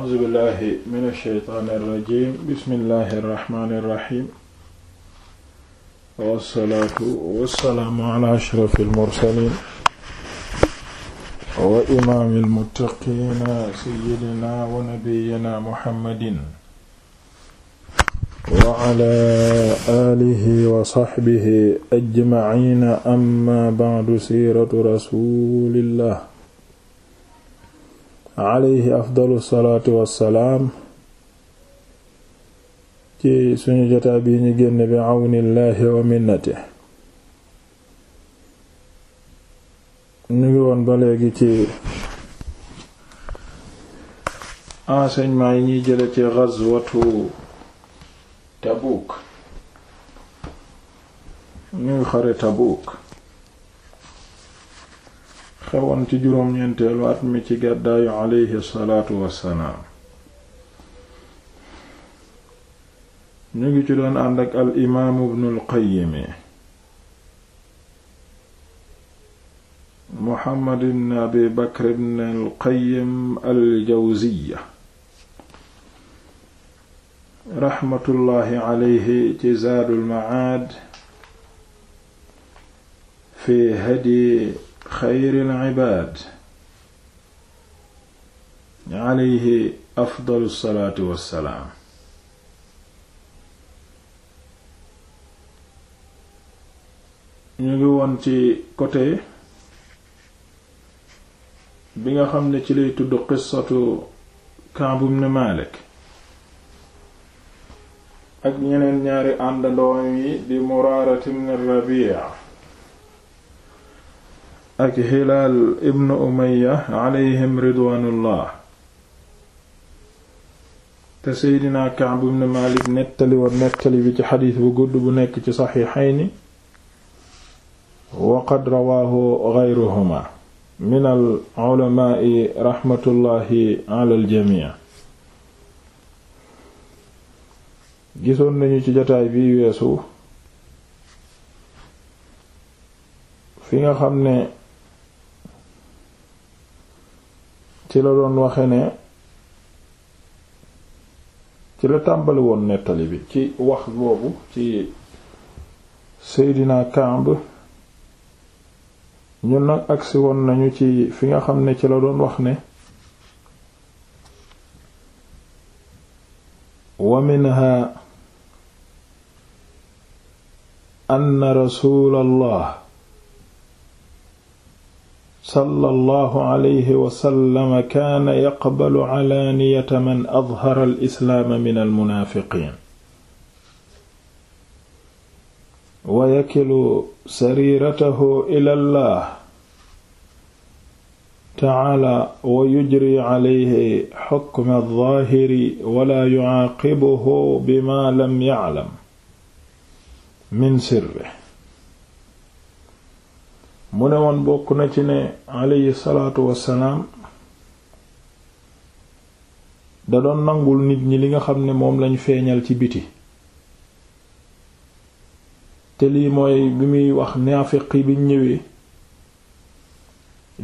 a'uuzu billahi mina shaytaani rajiim bismillahi rahmaani rahiim wassalaatu wassalaamu ala ashrafil mursaliin wa imaamil muttaqiina sayyidinaa wa nabiyyinaa muhammadin wa ala aalihi wa sahbihi ajma'iina amma ba'du siiratu rasuulillah alayhi afdalu salaatu salaam ci suñu jotaa bi ñu génn bi àwnillaahi wa minnati ñu ngi woon ba léegi ci enseignement yi ñuy jële ci ghazwatu Tabuuk ñuy xare Tabuuk xewoon ci juróom-ñeenteelu at mi ci gàddaayu aleyhi salaatu wassalaam ñu ngi ci doon ànd ak al imaamu ibnul qayyimi muhammad ibn abi bakr ibn al qayyim al jawziya raxmatullaahi aleyhi ci zaadul macaad fi hadi xayril ibaad alayhi afdalu salaatu ñu ngi woon ci côté bi nga xam ne ci lay tudd qissatu Ka'b ibn Malik ak ñeneen ñaari àndandoom yi di Muraara ibn ak Hilaal ibn Umayya ridwaanullah te Seydina Ka'b ibn Maalik nettali war nettali bi ci xadiis bu gudd bu nekk ci saxiixayni wa qad rawaahu gayruhumaa min al ulamaa'i raxmatullaahi alal jamii gisoon nañu ci jataay bi weesu fi nga xam ne ci la doon waxe ne ci la tàmbali woon nettali bi ci wax boobu ci Seydina Kamb ñu nag agsi woon nañu ci fi nga xam ne ci la doon wax ne wa minha anna rasulallah sallallahu alayhi wa sallam kaana yaqbalu alaaniyata man adhara al-islaama min al-munaafiqiin wa yakilu sariiratahu ila Allah taala wa yujri calayhi xukma aldaahiri wala yucaaqibuhu bima lam yaclam min sirrihi mu ne woon bokk na ci ne alayhi salaatu wassalaam da doon nangul nit ñi li nga xam ne moom lañ feeñal ci biti te lii mooy bi muy wax naafiq yi biñ ñëwee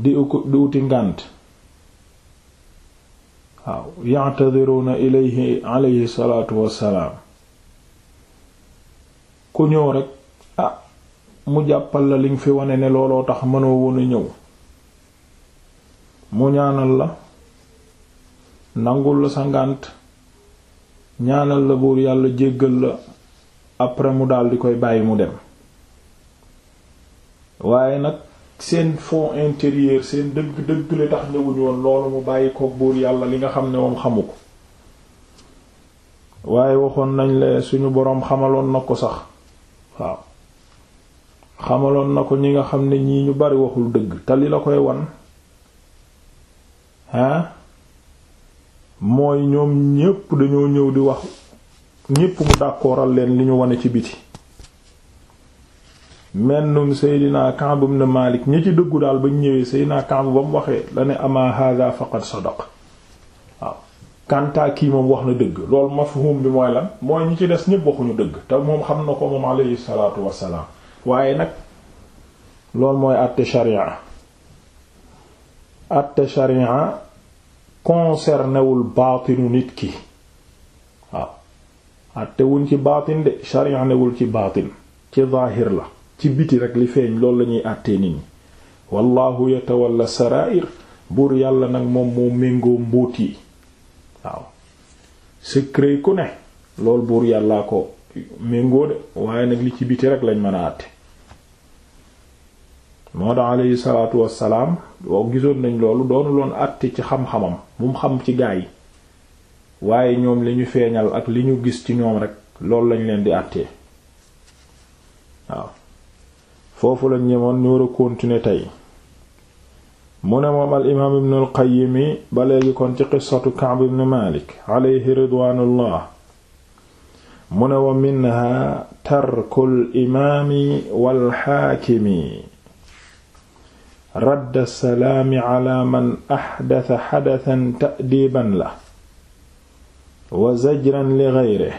di di uti ngànt waaw ya'tadiruna ilayhi alayhi salaatu wassalaam ku ñëw rekk mu jàppal la liñ fi wane ne looloo tax mënoo woon ñëw mu ñaanal la nangul la sa ngànt ñaanal la buur yàlla jéggal la après mu dal koy bàyyi mu dem waaye nag seen fond intérieur seen dëgg dëgg li tax ñëwuñu woon loolu mu bàyyi ko buur yàlla li nga xam ne moom xamu ko waaye waxoon nañ la suñu boroom xamaloon na ko sax xamaloon na ko ñi nga xam ne ñii ñu bari waxul dëgg tali la koy wan ah mooy ñoom ñépp dañoo ñëw di wax ñépp mu dàkkooral leen li ñu wane ci biti mennum Seydina Ka'b ibn Malik ñi ci dëggu daal ba ñëwee Seydina Ka'b ba mu waxee la ne ama hadha faqad sadaq waaw kanta kii moom wax na dëgg loolu mafhum bi mooy lan mooy ñi ci des ñépp waxuñu dëgg te moom xam na ko moom alayhi salaatu wassalaam waaye nag loolu mooy àtte sharia àtte sharia concernewul baatinu nit ki waaw àttewuñ ci baatin de sharia newul ci baatin ci zaahir la ci biti rek li feeñ loolu lañuy àttee nit ñi wallahu yatawalla sarair buur yàlla nag moom moo méngoo mbóot yi waaw secret ku ne lool buur yàllaa ko méngoo de waaye nag li ci biti rek lañ mën a àtte moo tax alayhi salaatu wassalaam boo gisoon nañ loolu doonuloon àtte ci xam-xamam bu mu xam ci gaa yi waaye ñoom li ñu feeñal ak li ñu gis ci ñoom rek loolu lañ leen di àttee waaw foofu lañ ñemoon ñu war tey mu ne moom al imaam ibn al qayyim ba léegi kon ci qissatu Ka'b ibn Malik alayhi ridwaanullah mu ne wa minha tarkul imaami wal xaakimi radd salaami ala man axdata xadatan ta'diiban la wa zajran li geyre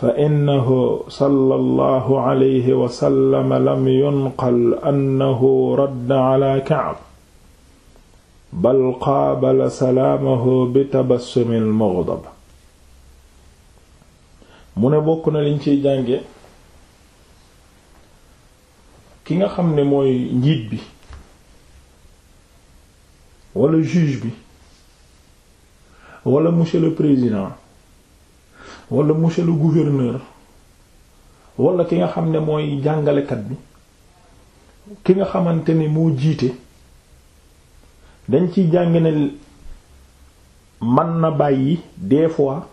fa innahu sallallahu alayhi wa sallam lam yunqal annahu radda ala Ka'b bal qaabala salaamahu bi tabassumil mughdab mu ne bokk na liñ ciy jànge ki nga xam ne mooy njiit bi wala juge bi walla monsieur le président walla monsieur le gouverneur wala ki nga xam ne mooy jàngalekat bi ki nga xamante ne moo jiite dañ ci jàng ne man na bàyyi des fois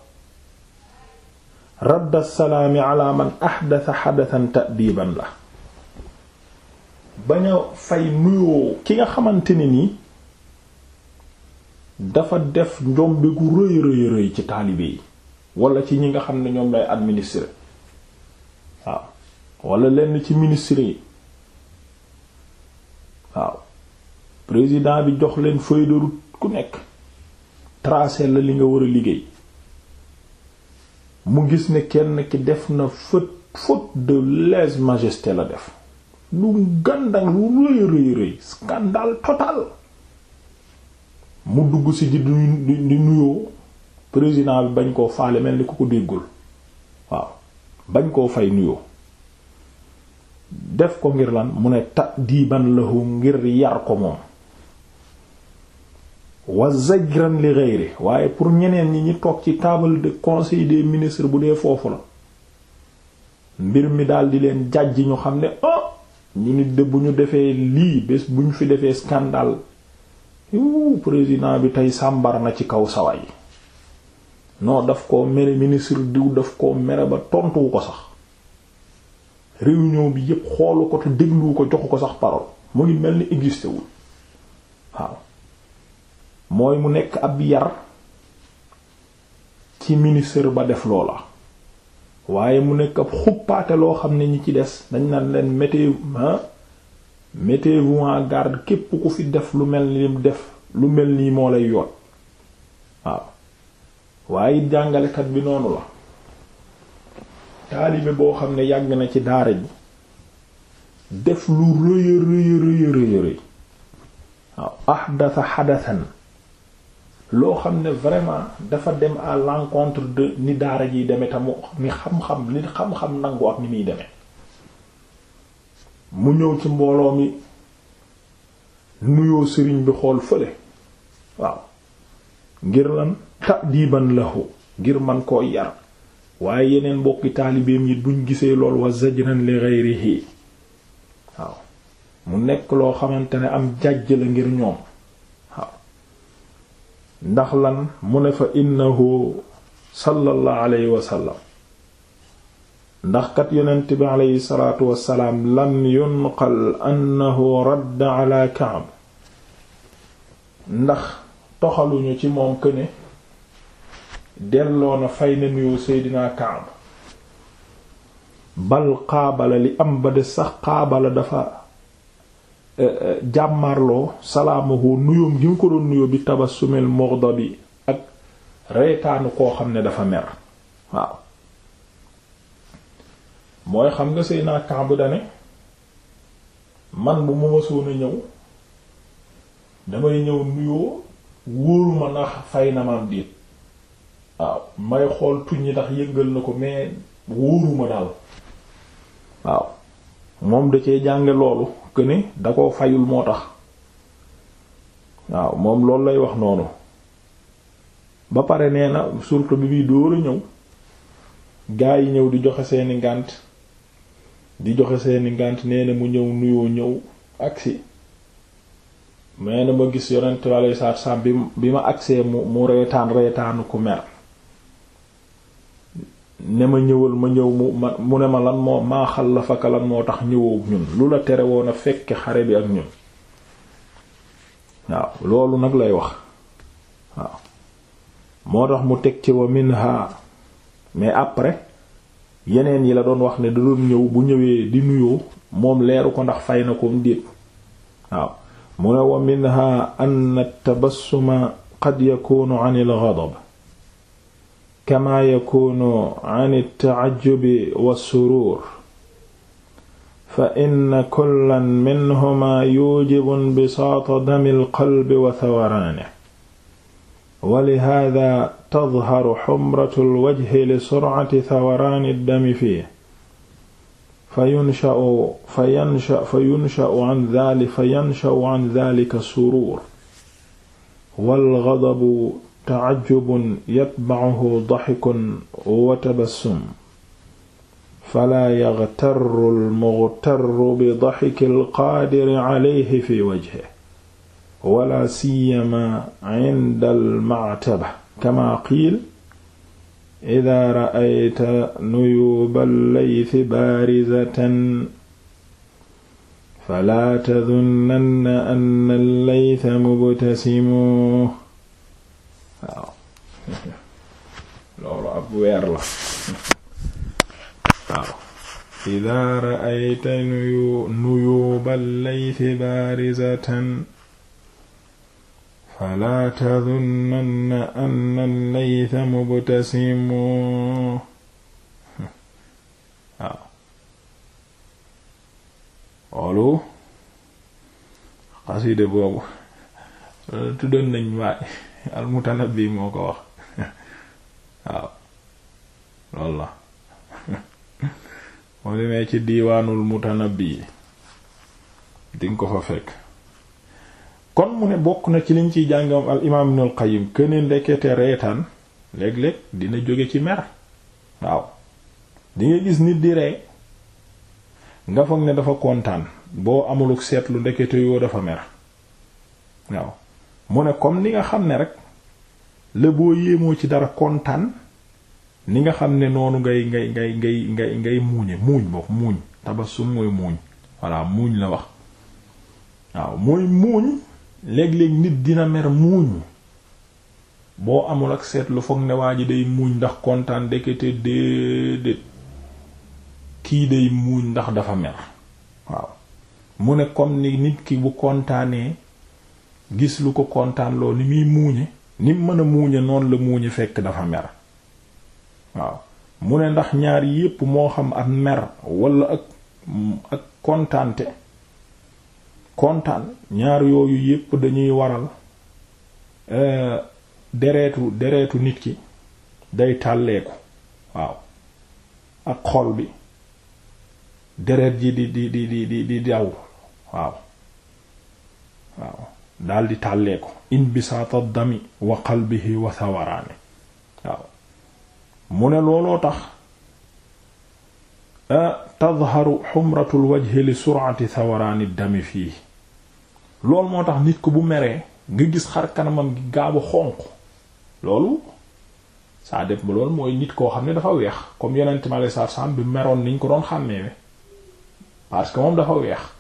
radd salaami ala man axdasa xadasan ta'diban la bañ a fay nuyoo ki nga xamante ne nii dafa def njombe gu rëy rëy rëy ci taalibe yi wala ci ñi nga xam ne ñoom lay administrer waaw wala lenn ci ministre yi waaw président bi jox leen feuille de ku nekk tracer la li nga war a liggéey mu gis ne kenn ki def na faute faute de lèse-majesté la def lu gàndang lu rëy rëy rëy scandale total mu dugg si di di nuyoo président bi bañ koo faale mel ni ku ko déggul waaw bañ koo fay nuyoo def ko ngir lan mu ne ta diiban lahu ngir yar ko moom wa li ghayri waaye pour ñeneen ñi ñi toog ci table de conseil des ministres bu dee foofu la mbir mi daal di leen jàjj ñu xam ne oh ñu nit de bu ñu defee lii bés bu ñu fi defee scandale yu président bi tey sàmbar na ci kaw yi noo daf ko mere ministre diw daf koo mere ba tontuwu ko sax réunion bi yépp xoolu ko te dégluwu ko joxu ko sax parole mu ngi mel ni existé wul waaw mooy mu nekk ab yar ci ministre ba def loola waaye mu nekk ab xuppaate loo xam ne ñi ci des dañ naan leen mettez mettez-vous en garde képp ku fi def lu mel ni def lu mel nii moo lay yoon waaw waaye jàngalekat bi noonu la taalibe boo xam ne yàgg na ci daara ji def lu rëya rëya rëya rëya waaw ahdatha hadathan loo xam ne vraiment dafa dem à l'encontre de ni daara jiy demee tamu ni xam-xam li xam-xam nangu ak ni muy demee mu ñëw ci mbooloo mi nuyoo sëriñ bi xool fële waaw ngir lan ta'diban lahu ngir man koo yar waaye yeneen mbokki taalibeem yi buñ gisee lool wa zajran li ghayrihi waaw mu nekk loo xamante ne am jàjj la ngir ñoom ndax lan mu ne fa innahu sallallahu alayhi wasallam ndax kat yonent bi alayhi salaatu wassalaam lam yunqal annahu radd ala Ka'b ndax toxaluñu ci moom këne delloo na fay na nuyu Seydina Ka'b bal qaabala li am ba de sax xaabala dafa Euh, euh, jàmmarloo salaamahu nuyoom gi mu ko doon nuyoo bi tabassumil mughdabi ak reetaanu koo xam ne dafa mer waaw mooy xam nga sëy naa Kaab dane man bu mu mësoon a ñëw damay ñëw nuyoo wóoruma ndax fay na maam déet waaw may xool tuñ yi ndax yëngal na ko mais wóoruma daal waaw moom da cee jànge loolu que ni da fayul moo tax waaw moom loolu lay wax noonu ba pare nee na surtout bi bii dóor a ñëw gaa yi ñëw di joxe seeni ngànt di joxe seeni ngànt nee na mu ñëw nuyoo ñëw agsi nee na ma gis yonent bi aleyhi salaatu salaam bi ma agsee mu mu reetaan reetaanu ku mer ne ma ñëwal ma ñëw mu ma mu ne ma lan moo maa xallafaka lan moo tax ñëwoo ñun lu la tere woon a fekk xare bi ak ñun waaw loolu nag lay wax waaw moo tax mu teg ci wa minha mais après yeneen yi la doon wax ne da doon ñëw bu ñëwee di nuyoo moom leeru ko ndax fay na koom déet waaw mu ne wa minha an tabassuma qad yakunu 'an kama yakunu an at-ta'ajjubi was-surur fa inna kullan minhumaa yujibu inbisaata dami al-qalbi wa thawaraanihi wa lihaadha tadharu humratu al-wajhi li sur'ati thawaraani ad-dami fiihi fayunsha'u fayansha'u fayunsha'u an dhaalika fayansha'u an dhaalika as-surur wal-ghadabu taajubun yatbacuhu daxikun wa tabassum falaa yaxtarru almuxtarru bi daxiki alqaadiri calayhi fi wajhi wala siyama cinda almactaba kama qiil ida raayta nuyuuba lleythi baarizatan falaa tadunnanna anna lleytha mubtasimu loolu ab weer la waaw idaa ra'ayta nuyuubal laythi baarizatan falaa tadunanna anna al-laytha mubtasimun waaw loolu xaside boobu tuddoon nañ waay al wax waaw loolu la moo demee ci diiwaanul mutanabbi dinga ko fa fekk kon mu ne bokk na ci liñ ciy jàngam al imaam ibnul qayyim këne ndekete reetaan léeg-léeg dina jóge ci mer waaw di gis nit di ree nga foog ne dafa kontaan boo amulu seetlu ndekete yoo dafa mer waaw mu ne comme ni nga xam ne rek la boo yéemoo ci dara kontaan ni nga xam ne noonu ngay ngay ngay ngay muuñe muuñ bokk muuñ tabassum mooy muuñ voilà muuñ la wax waaw mooy muuñ léeg-léeg nit dina mer muuñ boo amul ak seetlu foog ne waa ji day muuñ ndax kontaan ndekete déedéet kii day muuñ ndax dafa mer waaw mu ne comme ni nit ki bu kontaanee gis lu ko kontaanloo loo ni muy muuñe ni mën a muuñe noonu la muuñe fekk dafa mer waaw mu ne ndax ñaar yépp moo xam ak mer walla ak ak kontaante kontaan ñaar yooyu yépp dañuy waral euh, dereetu dereetu nit ki day tàlleeku waaw ak xol bi deret ji di di di di di daw waaw waaw dal di tàllee ko inbisaata dami wa qalbihi wa sawaraane waaw mu ne looloo tax tadharu xumratul wajhi li sur'ati sawaraani dami fii lool moo tax nit ko bu meree nga gis xar kanamam gi gaabu xonq loolu ça def ba lool mooy nit koo xam ne dafa weex comme yeneen time ale saar saam bi meroon niñ ko doon xàmmee parce que moom dafa weex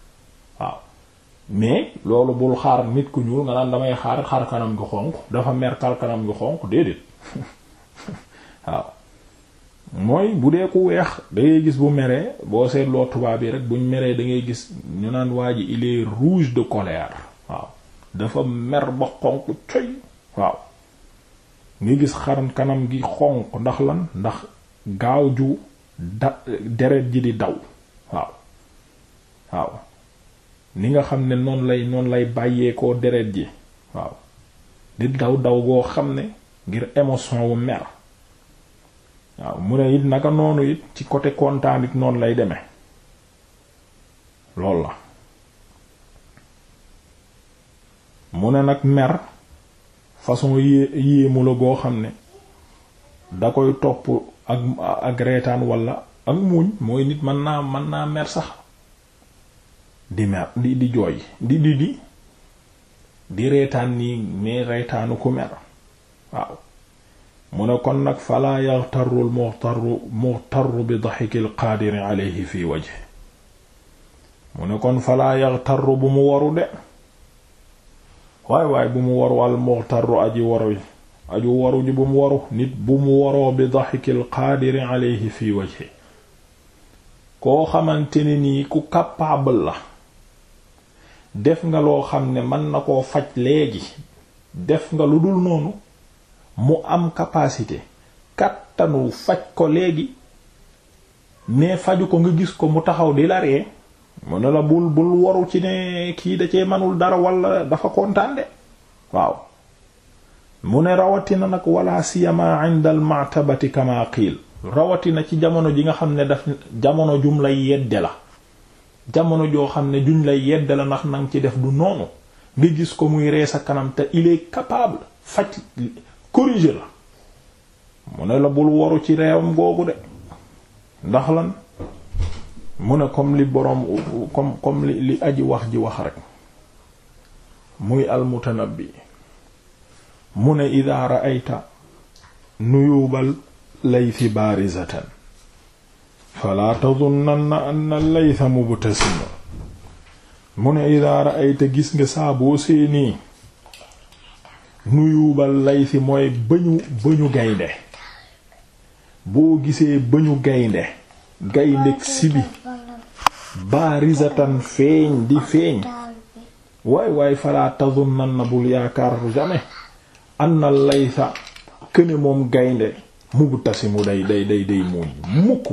mais loolu bul xaar nit ku ñuul nga naan damay xaar xar kanam gi xonq dafa mer xar kanam gi xonq déedéet waaw mooy bu dee ku weex dangay gis bu meree boo seet loo tubaab yi rek buñ meree dangay gis ñu naan waa ji il rouge de colère waaw dafa mer ba xonq coy waaw nga gis xar kanam gi xonq ndax lan ndax gaaw ju da deret ji di daw waaw waaw ni nga xam ne noonu lay noonu lay bàyyeekoo deret ji waaw di daw daw goo xam ne ngir émotion wu mer waaw mu ne ci côté kontaan noonu lay demee lool la mu nag mer façon yée yéemu la goo xam ne da koy topp ak ak reetaan walla ak muuñ mooy nit mën naa mën naa mer sax di mer di di di di reetaan nii mais reetaanu ku mer waaw mu ne kon nag falaa yaxtaru muxtaru muxtaru bi daxiki al fi wajhi mu ne kon falaa yaxtaru bu mu waru de waay waay bu mu waru al muxtaru aji waru aju waru ji bu mu waru nit bu mu waroo bi daxiki al fi wajhi koo xamante ne nii ku capable la def nga loo xam ne man na koo faj léegi def nga lu dul noonu mu am capacité kàttanu faj ko léegi mais faju ko nga gis ko mu taxaw di la ree mu ne la bul bul waru ci ne kii da cee manul dara wala dafa kontaan de waaw mu ne rawatina nag wala siyama inda al ma'tabati kama rawatina ci jamono ji nga xam ne daf jamono jum lay yedde la jamono joo xam ne juñ lay yedd la ndax nang ci def du noonu nga gis ko muy ree sa kanam te il capable faj corriger la mu ne la bul waru ci reewam googu de ndax lan mu ne comme li boroom comme li li aji wax ji wax rek muy almutanabbi mu ne idaa ra'ayta nuyuubal laythi baarizatan falaa tazunnanna anna allaysa mubtasim mu ne idaa ra'ayta gis nga saaboo seenii nuyuubal laysi mooy bëñu bëñu gaynde boo gisee bëñu gaynde gayndeg sibi baarizatan feeñ di feeñ waay waay falaa tazunnanna bul yaakaar jamais na laysa këne moom gaynde mubtasimu day day day day muuñ mukk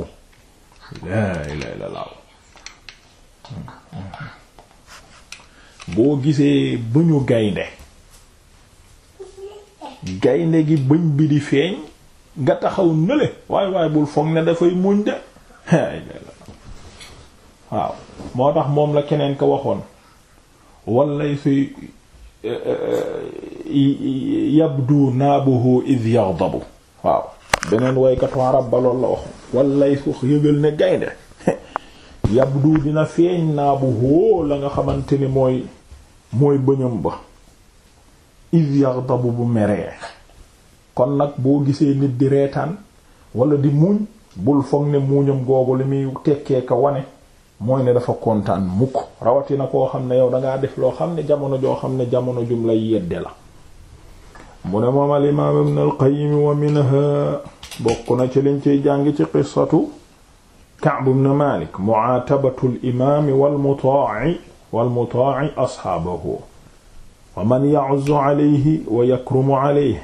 laa ilaaha illallaah boo gisee bëñu gaynde gaynde gi bëñ bi di feeñ nga taxaw nële waay waay bul foog ne dafay muñ de waaw moo tax moom la keneen ko waxoon wallay su eh, eh, eh, yabdu naabuhu id yaghdabu waaw beneen waykatu arab ba loolu la waxoon wallay wax yëgal ne gaynde yabdu dina feeñ naa bu hóo la nga xamante ni mooy mooy bëñam ba iz yaghdabu bu meree kon nag boo gisee nit di reetaan wala di muuñ bul foog ne muuñam googu li muy tekkee ka wane mooy ne dafa kontaan mukk rawatina koo xam ne yow dangaa def loo xam ne jamono joo xam ne jamono jum lay yedde la mu ne moom al imaam ibn al qayyim wa bokk na ci liñ ciy jàng ci qissatu Ka'b ibn Malik mu'aatabatu al-imaam wal-mutaa'i wal-mutaa'i ashaabahu wa man ya'uzzu alayhi wa yakrumu alayhi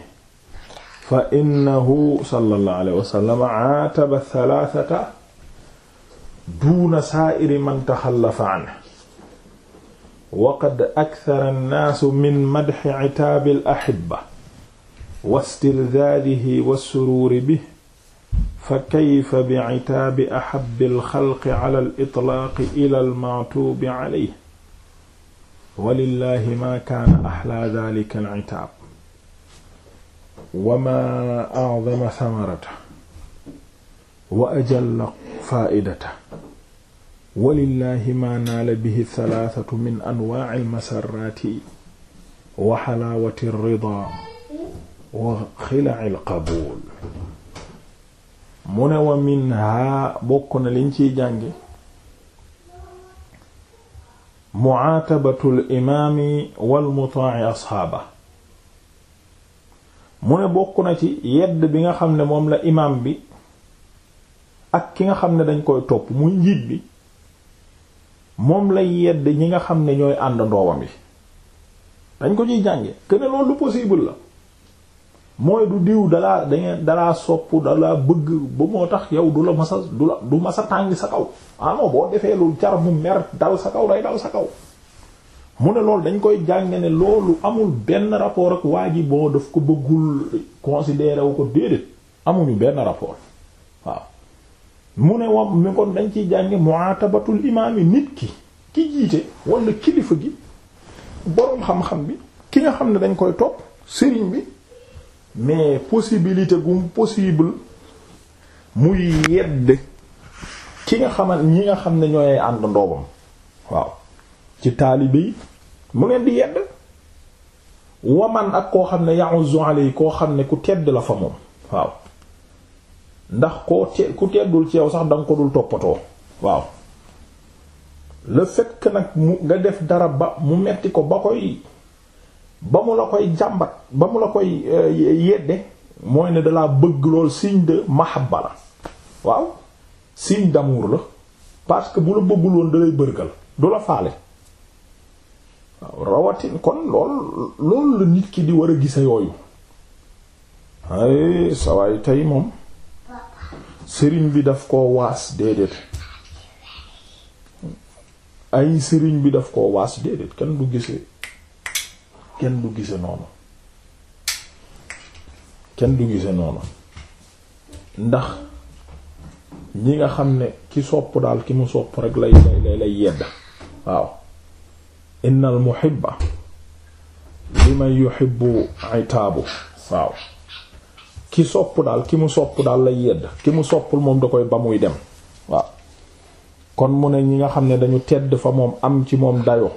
fa innahu sallallahu alayhi wa sallam aataba thalathata duuna saa'iri man taxallafa anhu wa qad akthara an-naasu min madhi 'itaabi al-ahibba wastirdaadihi wassuruuri bi fa kayfa bi citaabi axabbi alxalqi cala alitlaaqi ila almactuubi caleyh walillahi ma kaana axlaa dalika alcitaab wa ma acdama samarata wa ajalla faaidata walillahi ma naala bihi thalathatu min anwaaci almasarraati wa xalaawati alridaa wa xilail qabuul mu ne wa minha bokk na liñ ciy jànge mucaatabatu limaami walmutaaci asxaaba mu ne bokk na ci yedd bi nga xam ne moom la imaam bi ak ki nga xam ne dañ koy topp muy njiit bi moom lay yedd ñi nga xam ne ñooy àndandoowam yi dañ ko ciy jànge que loolu possible la mooy du diw dalaa dangeen dalaa sopp dalaa bëgg ba moo tax yow du la masa du la du masa tàng sa kaw ano ah boo defee loolu jar mu mer dal sa kaw day dal sa kaw mu ne loolu dañ koy jàng ne loolu amul benn rapport ak waa gi boo daf ko bëggul considéré wu ko déedéet amuñu benn rapport waaw mu ne wam mi kon dañ ciy jànge mu'atabatul imaam yi nit ki ki jiite wala kilifa gi boroom xam-xam bi ki nga xam ne dañ koy topp sëriñ bi mais possibilité gum possible muy yedd ki nga xaman ñi nga xam ne ñooy ànd ndoobam waaw ci taalibe yi mu leen di yedd waman ak koo xam ne ya'uzu alay koo xam ne ku tedd la fa moom waaw ndax koo te ku teddul ci sax danga ko dul toppatoo waaw la fait que nag mu nga def dara ba mu metti ko ba koy ba mu la koy jàmbat ba mu la koy eh, yedde mooy ne dalaa bëgg lool signe de mahabba la waaw signe d'amour la parce que bu la bëggul woon dalay bërgal du la faale rawatin kon lool loolu la nit ki di war a gisa yooyu ay sawaay tey moom sëriñ bi daf koo waas déedéet ay sëriñ bi daf koo waas déedéet kenn du gisee kenn du gise noonu kenn du gise ndax ñi nga xam ne ki sopp daal ki mu sopp rek lay lay lay yedd waaw innal muhibba liman yuhibbu taabu waaw ki sopp daal ki mu sopp daal lay yedd ki mu soppul moom da koy ba muy dem waaw kon mu ne ñi nga xam ne dañu tedd fa moom am ci moom dayo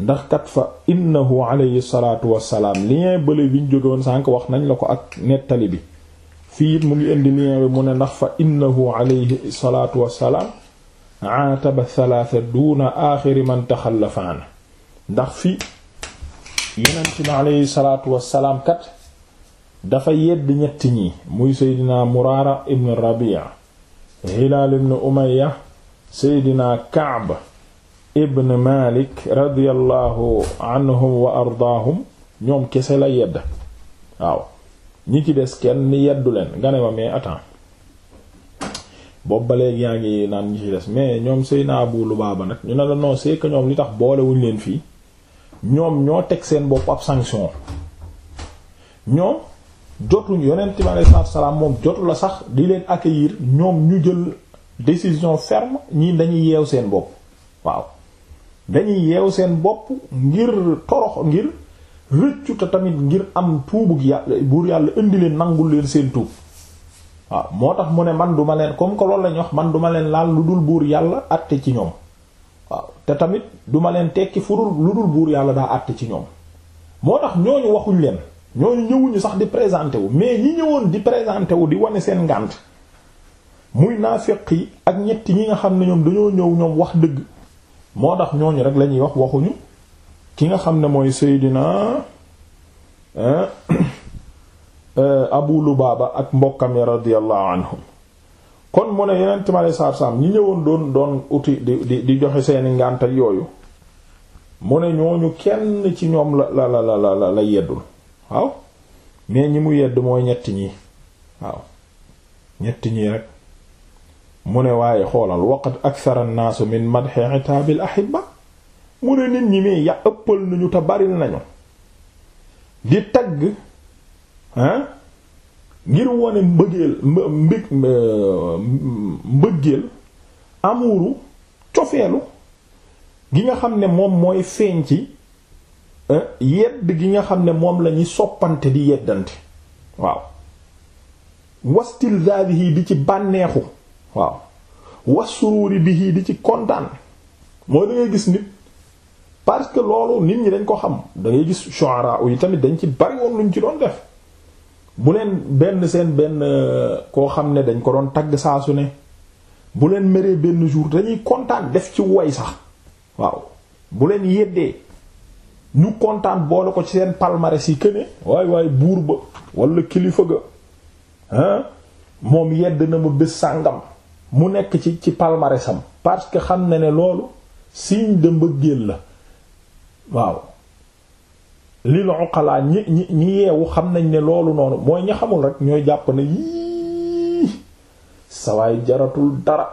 ndax kat fa innahu alayhi salaatu wassalaam lien bële biñ jógoon sànq wax nañ la ko ak nettali bi fii it mu ngi indi lien bi mu ne ndax fa innahu alayhi salaatu wassalaam aataba thalaatha duuna aaxiri man taxallafa an ndax fii yonent bi alayhi salaatu wassalaam kat dafa yedd ñett ñi muy seydina muraara ibn rabia hilaal ibn umayya seydina kaab ibn Malik radiyallahu anhum wa ardaahum ñoom kese la yedd waaw ñi ci des kenn ni yeddu leen nga ne ma mais attends boobu ba léegi yaa ngi naan ñi ci des mais ñoom Seyna Abu Lubaaba nag ñu ne la non c'est ñoom li tax boolewuñ leen fii ñoom ñoo teg seen bopp ab sanction ñoom jotuñu yonent bi alayhi salaatu moom jotu la sax di leen accueillir ñoom ñu jël décision ferme ñii dañuy yeew seen bopp waaw dañuy yeew seen bopp ngir torox ngir rëccu te tamit ngir am tuubu gi yàlla buur yàlla indi leen nangu leen seen tuub waaw moo tax mu ne man duma leen comme que loolu wax man duma leen laal lu dul buur yàlla àtte ci ñoom waaw te tamit duma leen tekki furul lu dul buur yàlla daa àtte ci ñoom moo tax ñooñu waxuñ leen ñooñu ñëwuñu sax di présenté wu mais ñi ñëwoon di présenté wu di wane seen ngànt muy naafiq yi ak ñetti ñi nga xam ne ñoom dañoo ñëw ñoom wax dëgg moo tax ñooñu rek lañuy wax waxuñu ki nga xam ne mooy Seydina euh, Abu baaba ak mbokkam ya radiyallahu anhum kon mu ne yeneen timale saar-saam ñi ñëwoon doon doon uti di di di joxe seeni ngàntal yooyu mu ne ñooñu kenn ci ñoom la la la la la la yeddul waaw mais ñi mu yedd mooy ñetti ñi waaw ñetti ñi rek mu ne waaye xoolal waqat akthara an-naas min madhi itaabil nit ñi mii ya ëppal nañu te bari nañu di tagg ah ngir wone mbëggeel mbëg mbëggeel amuuru cofeelu gi nga xam ne moom mooy feeñ ci yedd gi nga xam ne moom lañuy soppante di yeddante waaw wastil zaadihi di ci bànneexu waaw bi bihi di ci kontaan mooy da gis nit parce que loolu nit ñi dañ ko xam dangay ngay gis shu'ara yi tamit dañ ci bari woon ñu ci doon def bu leen benn seen benn euh, koo xam ne dañ ko doon tagg saa su ne bu leen meree benn jour dañuy kontaan def ci way sax waaw bu leen yeddee ñu kontaan boole ko ci seen palmarès yi këne waay waay buur ba wala kilifa ga moom yedd na ma bés sàngam mu nekk ci ci palmarèsam parce que xam na ne loolu signe de mbëggeel la waaw lil xalaat ñi ñi ñi yeewu xam nañ ne loolu noonu mooy ñi xamul rek ñooy jàpp ne yii sawaay jaratul dara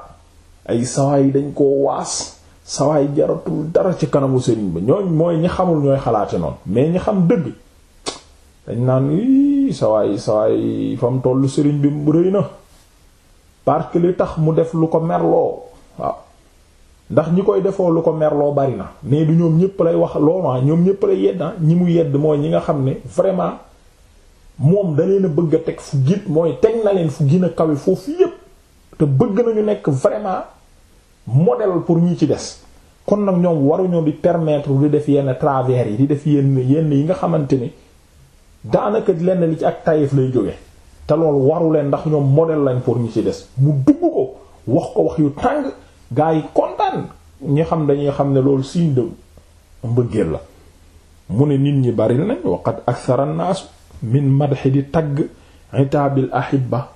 ay sawaay dañ koo waas sawaay jaratul dara ci kanamu sëriñ ba ñooñ xamul ñooy xalaate noonu mais ñi xam dëgg naan yii sawaay sawaay fam tollu sëriñ bi mu rëy na parce que li tax mu def lu ko merloo waaw ndax ñi koy defoo lu ko merloo bari na mais du ñoom ñépp lay wax loolaa ah, ñoom ñépp lay yedd ah. ñi mu yedd mooy ñi nga xam ne vraiment moom da leen a bëgg a teg fu gin mooy teg na leen fu gin a kawe foofu yépp te bëgg nañu nekk vraiment modèle pour ñi ci des kon nag ñoom waruñoo bi permettre di def yenn travers yi di def yenn yenn yi nga xamante ni daanaka lenn li ci ak tayef lay jóge te lool waru leen ndax ñoom modèle lañ pour ñi ci des mu dugg ko wax ko wax yu tàng gaa yi kontaan ñi xam dañuy xam ne loolu signe de mbëggeel la mu ne nit ñi bari nañ waqat ak saranaas min madxi di tagg itaabil ahibba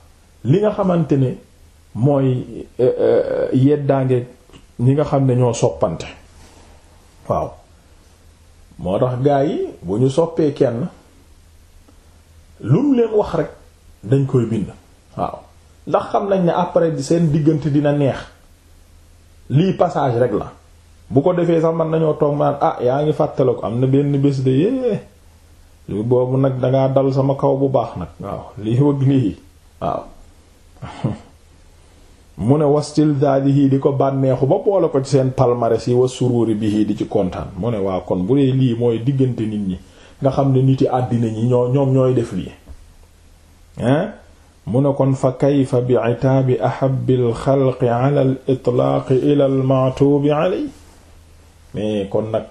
li nga xamante ne mooy eh, eh, yeddaange ñi nga xam ne ñoo soppante waaw moo tax gaa yi bu ñu soppee kenn lu mu leen wax rek dañ koy bind waaw ndax xam nañ ne après seen diggante dina neex lii passage rek la bu ko defee sax man nañoo toog naan ah yaa ngi fàttale ko am na benn bés de yée li boobu nag dangaa dal sama kaw bu baax nag waaw lii wëgg lii waaw mu ne wastil daadi yii di ko bànneexu ba boole ko ci seen palmarès yi wa suruuri bi di ci kontaan mu ne waa kon bu dee lii mooy diggante nit ñi nga xam ne niti àddina ñi ñoo ñoom ñooy def lii mu ne kon fa kayfa bi itaabi ahabbi alxalqi ala al itlaaqi ila ma'tuubi aley mais kon nag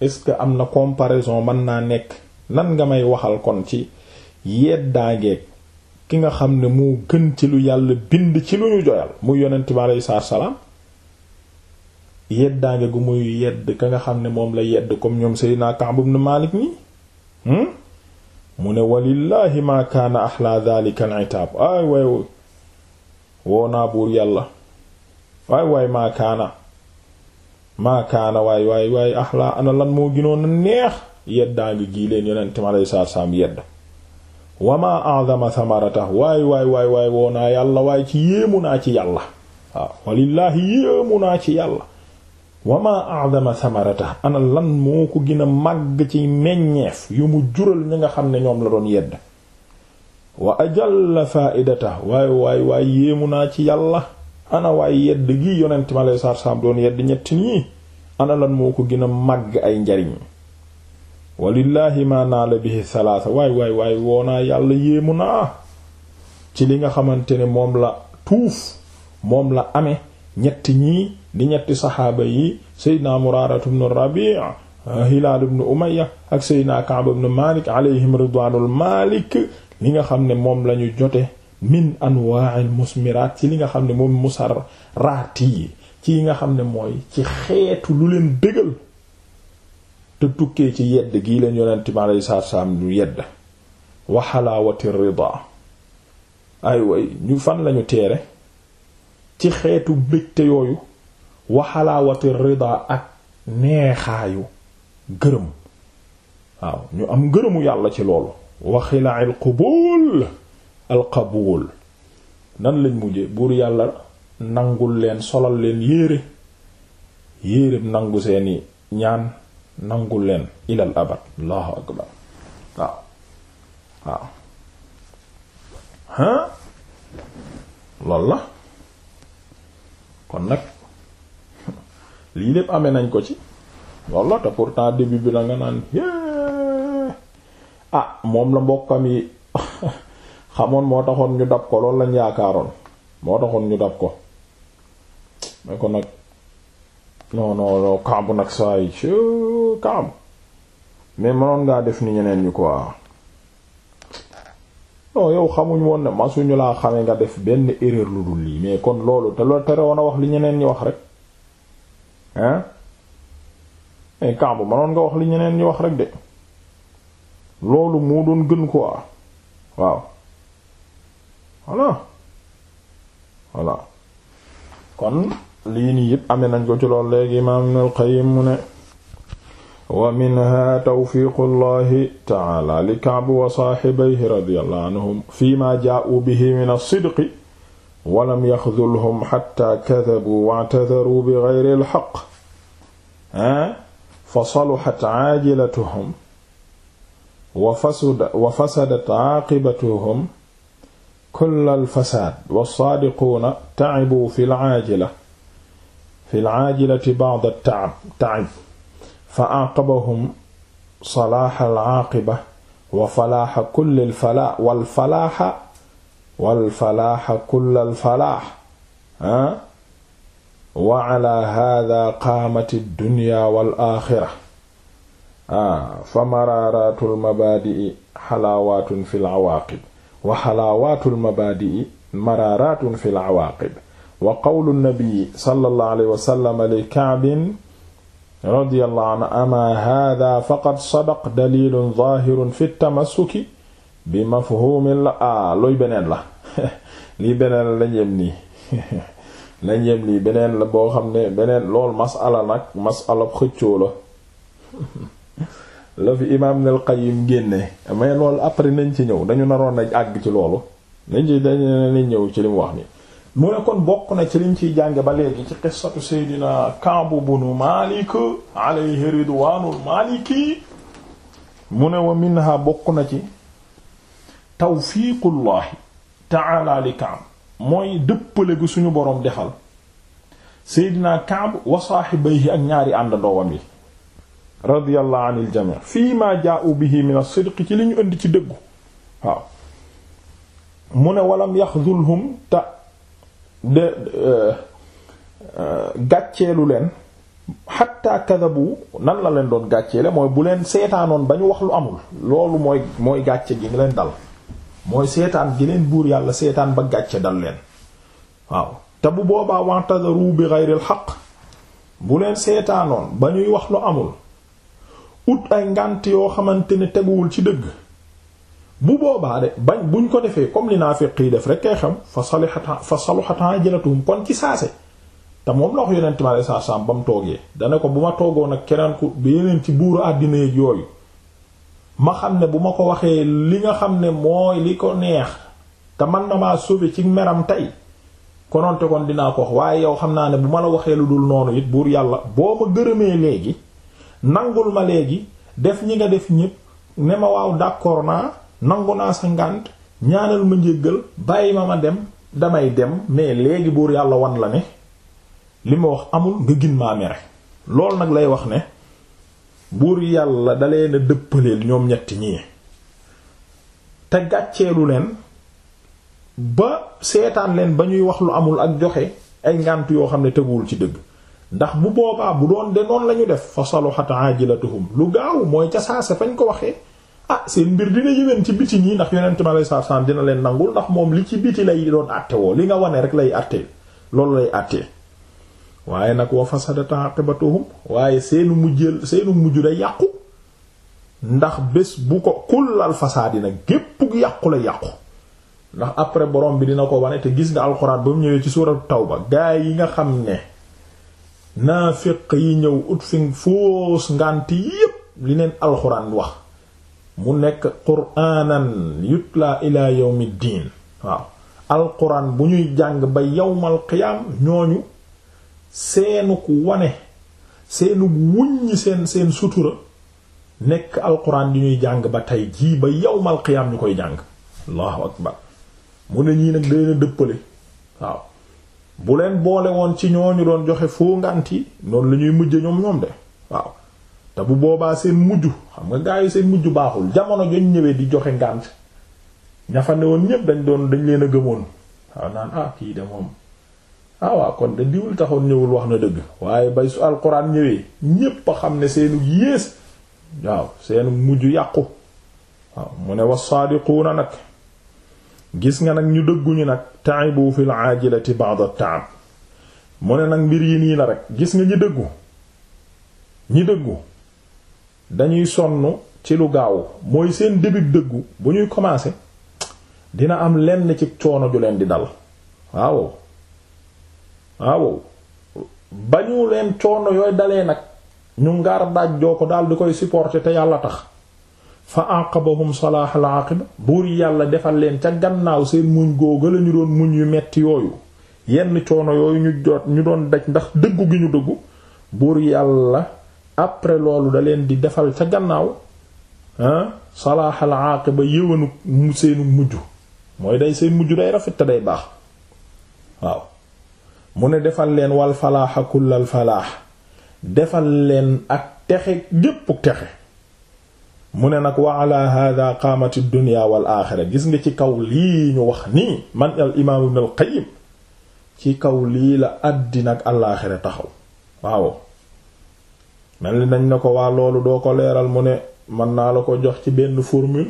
est-ce que am na comparaison mën naa nekk nan nga may waxal kon ci yeddaageeg ki nga xam ne mu gën ci lu yàlla bind ci lu ñu joyal muy yonent bi aleyhi salaatu salaam yeddaange gu muy yedd ka nga xam ne moom la yedd comme ñoom Seydina Ka'b ibn Malik nii hmm? mu ne walillaahi ma kaana axlaa dhalika al itaab ay waay woo naa buur yàlla waay waay maa kaana maa kaana waay waay waay axlaa ana lan moo ginoon neex yeddaa ngi gii leen yonent mi alayhi wa ma a'zama samarata waay waay waay waay yàlla waay ci yéemu naa ci yàlla walillaahi yéemu naa ci yàlla wa ma a'zama samarata ana lan moo ko gina a màgg ci meññeef yu mu jural ñi nga xam ne ñoom la doon yedd wa ajalla faaidata waaye waay waay yéemu naa ci yàlla ana waay yedd gi yonent ma lay sar doon yedd ñetti nii ana lan moo ko gina màgg ay njariñ walillahi naa naala bihi salaasa waay waaye woo naa yàlla yéemu naa ci li nga xamante ne moom la tuuf moom la ame ñetti ñii di ñetti saxaaba yi seydina muraaratu bnu rabii hilaal bnu umaya ak seydina kaab bnu malik alayhim ridwaanul malik li nga xam ne moom lañu jote min anwaa'il musmiraat ci li nga xam ne moom musaraat yi nga xam ne mooy ci xeetu lu leen bégal te tukkee ci yedd gii leen yonent bi alayhi salaam yedd wa xalaawati ay way ñu fan lañu teere ci xeetu bégte yooyu waxalaawati rida ak neexaayu gërëm waaw ñu am gërëmu yàlla ci loolu waxilaail qubul al qabul nan lañ mujje buur yàlla nangul leen solal leen yére yéreem nangu seeni ñaan nangul leen ilal abad allahu akbar waaw waaw ha lool la kon nag lii lépp amee nañ ko ci walla te pourtant début bi la nga naan ah moom la mbokkam yi xamoon moo taxoon ñu dab ko loolu lañ yaakaaroon moo taxoon ñu dab ko ma ko nag non non non nag saa yi kamb mais mënoon ngaa def ni ñeneen ñu quoi non yow xamuñ woon ne ñu laa xame nga def benn erreur lu dul lii mais kon loolu te loolu tere woon a wax li ñeneen ñi wax rek ah mais Kaabu manoon nga wax li ñeneen ñu wax rek de loolu moo doon gën quoi waaw voilà voilà kon lii nii yëpp amee nañ ko ci loolu léegi imaam Ibn al-Qayyim mu ne wa minha tawfiqu llahi ta'ala li Ka'b wa saahibayhi radiyallahu anhum fi bihi min as-sidqi walam yaxdulhum xatta kadabu wactadaruu bi geyri alxaq ah fa saluxat caajilatuhum wa fasadat caaqibatuhum kull alfasaad walsaadiquuna tacibuu fi lcaajila fi lcaajilati bacd atacab tacib fa acqabahum salaaxa alcaaqiba wa falaaxa kulli alfalaax walfalaaxa wal falaaxa kullal falaax ah wa ala hada qaamati dunya wal axira ah fa maraaraatul mabaadii xalaawaatun fil awaaqib wa xalaawaatul mabaadii maraaraatun fil awaaqib wa qawlu nabii sallallahu alayhi wa sallam li Ka'bin radiyallahu anhu amaa hada faqad sadaq daliilun zaahirun fi tamassuki bi mafhumin la a ah, luy beneen la lii beneen la lañ nii lañ yem nii beneen la boo xam ne beneen lool masala nag masala xëccoo la la fi imaam Ibnul Qayyim génne mais loolu après nañ ci ñëw dañu naroon nañ àgg ci loolu nañ ci dañ ñëw ci lim wax ni mu ne kon bokk na ci liñ ciy jànge ba léegi ci qissatu Seydina Kaabu bunu Maalik alayhi ridwaanul Maaliki mu ne wa minha bokk na ci tawfiqullahi ta'ala li Kaab mooy dëppale gu suñu boroom defal Seydina Kaab wa saahibayhi ak ñaari àndandoowam yi radiyallahu anil jami' fii ma jaa'u bihi min as-sidq ci li ñu indi ci dëggu waaw mu ne walam yaxdulhum te de euh, gàcceelu leen xatta kadabu nan la leen doon gàcceele mooy bu leen seetaanoon ba ñu wax lu amul loolu mooy gàcce gi ngi leen dal mooy seetaan gi leen buur yàlla seetaan ba gàcce dal leen waaw te bu boobaa wa'tadaru bi ghayril haqq bu leen seetaanoon ba ñuy wax lu amul ut ay ngànt yoo xamante ne teguwul ci dëgg bu boobaa de bañ buñ ko defee comme li naafiq yi def rek ay xam fa salihatan fa salihatan jëlatuhum kon ci saase te moom la wax yonent mi sallallahu alayhi ba mu toogee dana ko bu ma toogoon ak keneen ku yeneen ci buuru àddina yooyu ma xam ne bu ma ko waxee li nga xam ne mooy li ko neex te man na maa sobe ci meram tey kononte kon dinaa ko waaye yow xam naa ne bu ma la waxee lu dul noonu it buur yàlla boo ma gërëmee léegi nangul ma léegi def ñi nga def ñépp ne ma waaw d'accord naa nangu naa sa ngànt ñaanal ma njéggal bàyyi ma ma dem damay dem mais léegi buur yàlla wan la ne li ma wax amul nga gin maa mere loolu nag lay wax ne buur yàlla da leen a dëppaleel ñoom ñetti ñii te gàcceelu leen ba seetaan leen ba ñuy wax lu amul ak joxe ay ngànt yoo xam ne teguwul ci dëgg ndax bu boobaa bu doon de noon la ñu def fa saluhat ajilatuhum lu gaaw mooy ca saase fañ ko waxee ah seen mbir dina yëween ci biti ñii ndax yonent ma alei satu salaam dina leen nangul ndax moom li ci biti lay doon àtte woo li nga wane rek lay àtte loolu lay àttee waaye nag wa fasadat aqibatuhum waaye seenu mujjel seenu mujj da yàqu ndax bés bu ko kullal fasaadi nag yàqu la yàqu ndax après borom bi dina ko wane te gis nga alxuraan ba mu ñëwee ci suuratu tawba gaa yi nga xam ne naafiq yi ñëw ut fi foos ngànt yépp li neen alxuraan wax mu nekk quraanan yutla ila yawmi diin waaw alxuraan bu ñuy jàng ba yawmal qiyaam ñooñu seenuk wane seenu wuññi seen seen sutura nekk alxuraan di ñuy jàng ba tey jii ba yawmal qiyaam ñu koy jàng allahu akbar mu ne ñii nag dana dëppale waaw bu leen boole woon ci ñooñu doon joxe foo ngànt yi noonu la ñuy mujje ñoom ñoom de waaw te bu boobaa seen mujj xam nga gaa yi seen mujj baaxul jamono joñ ñëwee di joxe ngànt ña fa ne woon ñépp dañ doon dañ leen a gëmoon waaw naan ah kii de moom ah kon de diwul taxoon wax na dëgg waaye bay su alxuraan ñëwee ñépp a xam ne seenu yées waaw seenu mujj yàqu waaw mu ne na nag gis nga nag ñu dëgguñu nag taibu fil ajilati ba'd at-ta'ab mu ne nag mbir yi nii la rek gis nga ñi dëggu ñi dëggu dañuy sonn ci lu gaaw mooy seen début dëggu bu ñuy commencer dina am lenn ci coono ju leen di dal waaw Ah, waaw bañu leen coono yooy dalee nag ñu ngaar daaj joo ko daal di koy supporter te yàlla tax fa aqabahum salahal aqiba buur yàlla defal leen ca gannaaw seen muñ googu la doon muñ yu metti yooyu yenn coono yooyu ñu jot ñu doon daj ndax dëggu gi ñu dëggu buur yàlla après loolu da leen di defal ca gannaaw ah salahal aqiba yëwanu seenu mujj mooy day seen mujj day rafet te day baax waaw mu ne defal leen wal falaaxa kullal falaax defal leen ak texe géppuk texe mu ne nag wa ala hada qaamati dunya wal axira gis nga ci kaw lii ñu wax nii man al imaam ibn al ci kaw lii la àddina ak alaaxira taxaw waaw mel ni nañ ne ko waa loolu doo ko leeral mu ne mën naa la ko jox ci benn formule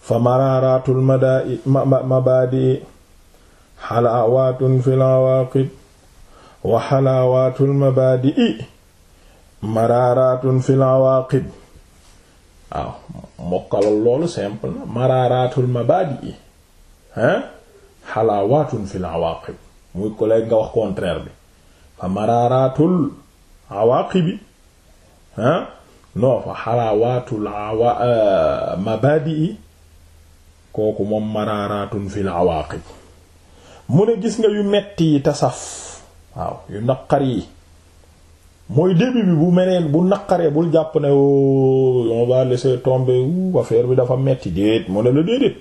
fa maraaraatul madaai mabadi xalaawaatun fil awaaqid wa xalaawaatul mabaadi'i maraaraatun fil awaaqid waaw mokkalal loolu simple na maraaraatul mabaadi'i hein xalaawaatun fil awaaqib muy collègue nga wax contraire bi fa maraaraatul awaaqibi hein euh, kooku moom maraaraatun fil awaaqib mu ne gis nga yu metti yi tasaf waaw yu naqar yi mooy début bi bu meneen bu naqaree bul jàpp ne oh, on va laisser tomber wu affaire bi dafa metti déet mu ne la déedéet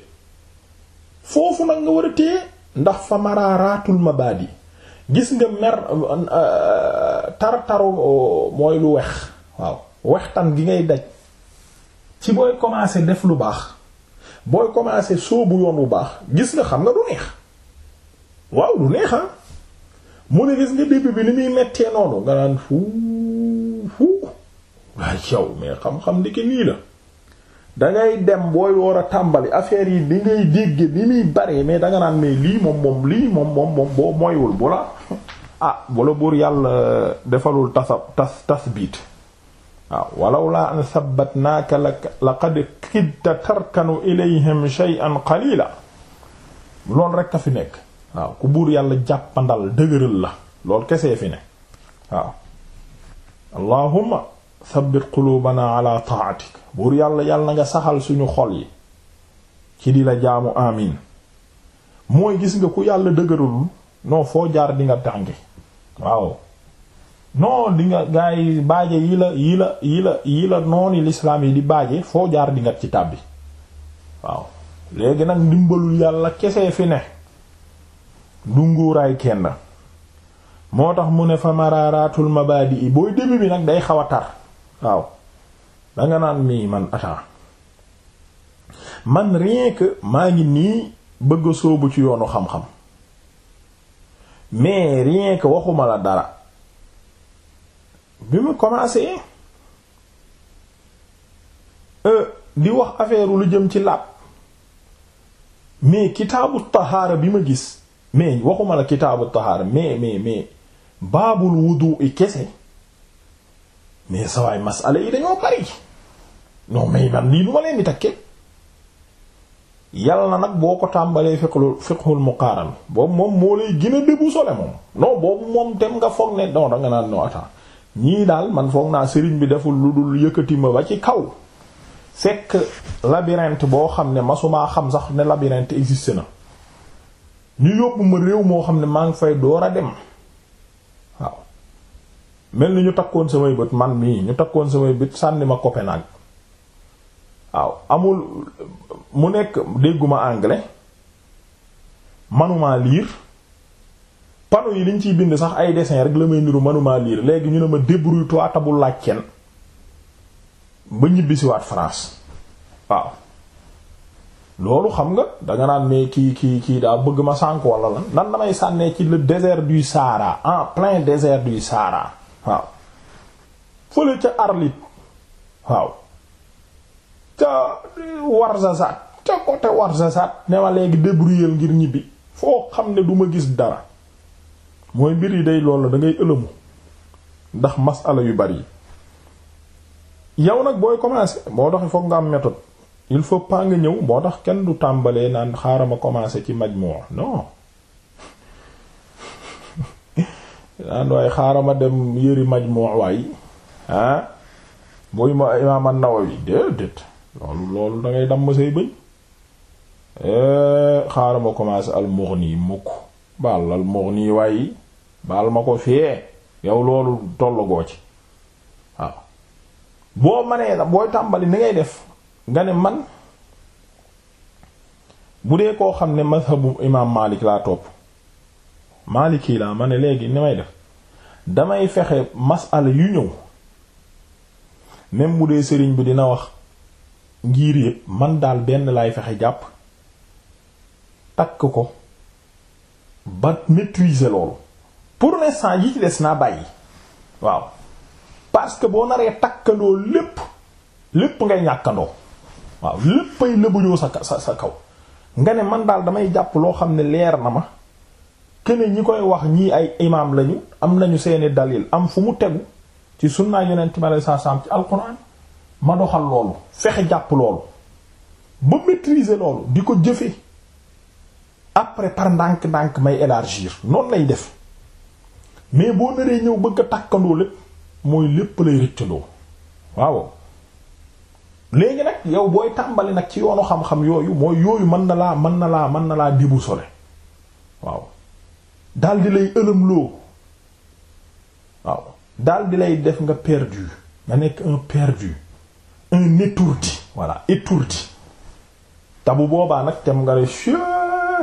foofu nag nga war a téye ndax fa maraaraatul mabaadi gis nga mer euh, tar-taru oh, mooy lu wex waaw wextan gi ngay daj ci booy commencer def lu baax booy commencer soobu yoon bu baax gis nga xam nga du neex waaw du neex ah mu ne gis nga début bi ni muy mettee noonu nga naan fuu fuu waaye yow mais xam-xam ndeke nii la dangay dem booy war a tàmbali affaire yi di ngay dégg ni muy baree mais danga naan mais lii moom moom lii moom moom moom boo moywul bu la ah bala buur yàlla defalul tasa tas tasbiit waaw ah, walaw laa an sabbatnaaka la laqad kidta tarkanu ilayhim shay'an qalila loolu rekk a fi nekk waaw ku buur yàlla jàppandal dëgëral la lool kese fi ne waaw allahumma thabbit qulubana ala ta'atik buur yàlla yàlla na nga saxal suñu xol yi ci di la jaamu amin mooy gis nga ku yàlla dëgëralul non foo jaar di nga tànge waaw non di nga gars yi baaje yi la yi la yi la yi lislaam yi di baaje foo jaar dinga nga ci tàbbi waaw léegi nag ndimbalul yàlla kese fi ne du nguuraay kenn moo tax mu ne fa maraaraatul mabaadi i booy début bi nag day xaw a tar waaw danga naan mii man ata man rien que maa ngi nii bëgg a sóobu ci yoonu xam-xam mais rien que waxuma la dara bi mu commencé euh, di wax affaire lu jëm ci làpp mais kitaabu tahaara bi ma gis mais waxuma la kitaabu tahaara mais mais mais baabul wudu i kese mais sawaay masala yi dañoo bari non mais man lii lu ma leen di takke yàlla nag boo ko tàmbalee fiqhul fiqhul muqaaran boobu moom moo lay gën a débbu sole moom non boobu moom dem nga foog ne non danga naan noo attends ñii daal man foog naa sëriñ bi deful lu dul yëkkati ma ba ci kaw fekk labyrinthe boo xam ne masumaa xam sax ne labyrinthe existe na ñu yóbbu ma réew moo xam ne maa ngi fay door a dem waaw mel ni ñu takkoon samay bët man mii ñu takkoon samay bët sànni ma Copenhague waaw amul mu nekk dégguma anglais manuma lire panneau yi liñ ciy bind sax ay dessin rek la may niru manuma lire léegi ñu ne ma débrouille-toi tabul laaj ba ñibbisiwaat France waaw loolu xam nga danga naan mais kii kii kii daa bëgg ma sànk wala lan nan damay sànnee ci le désert du Sahara en plein désert du saara waaw fële ca Arlit waaw ca Warzazat euh, ca côté Warzazat ne ma léegi débrouiller ngir ñibbi foo xam ne duma gis dara mooy mbir yi day loolu da ngay ëlëmu ndax masala yu bari yi yow nag booy commencer moo doxi foog nga am méthode il faut pas nga ñëw moo tax kenn du tàmbalee naan xaaral ma commencer ci majmu' non naan waaye xaaral ma dem yëri majmu' waay buy ah? ma imaam an-Nawawi déedéet loolu loolu da ngay say bëñ eh, xaaral ma commencer al-Mughni mukk baal al-Mughni waay baal ma ko fee yow loolu tollagoo ci waaw boo manee booy tàmbali ni ngay def. nga ne man bu dee koo xam ne mazhabu imaam Maalik laa topp Maaliki laa ma ne léegi ni may def damay fexe masala yu ñëw même bu dee sëriñ bi dina wax ngir yépp man daal benn laay fexe jàpp takk ko ba maîtriser loolu pour l'instant yi ci des naa bàyyi waaw parce que boo naree takkandoo lépp lépp ngay ñàkkandoo waaw léppay lëbëjoo sa sa sa kaw nga ne man daal damay jàpp loo xam ne leer na ma kene ñi koy wax ñii ay imaam lañu am nañu seeni dalil am fu mu tegu ci sunnaa yonent ma lay saa saam ci alquran ma doxal loolu fexe jàpp loolu ba maîtriser loolu di ko jëfe après par ndànk-ndànk may élargir noonu lay def mais boo naree ñëw bëgg a takkandoo lépp mooy lépp lay rëccandoo waaw léegi nag yow booy tàmbali nag ci yoonu xam-xam yooyu mooy yooyu man na laa man na laa man na laa sole waaw dal di lay ëlëmloo waaw dal di lay def nga perdu nga nekk un perdu un étourdi voilà étourdi te bu boobaa nag tem nga ne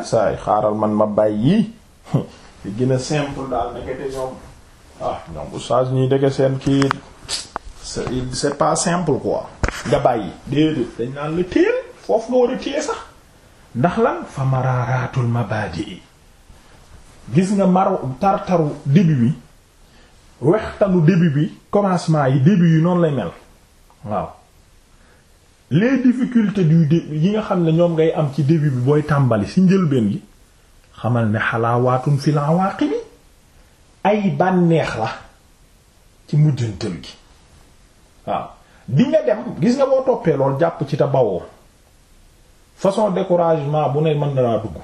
saay xaaral man ma bàyyi li gën a simple daal ndekete ñoom ah ñoom bu saas ñuy dege seen kii c'est pas simple quoi nga bàyyi la téel foofu nga fa maraaraatul mabaadi yi gis nga mar tartaru début bi wextanu début bi commencement yi début yi noonu lay mel waaw les difficultés du début yi nga xam ne ñoom ngay am ci début bi booy tàmbali ci njëlbeen gi xamal ne xalaawaatun fil awaaqibi ay bànneex la ci mujjantal gi waaw di nga dem gis nga boo toppee lool jàpp ci te bawoo façon découragement bu ne mën na laa dugg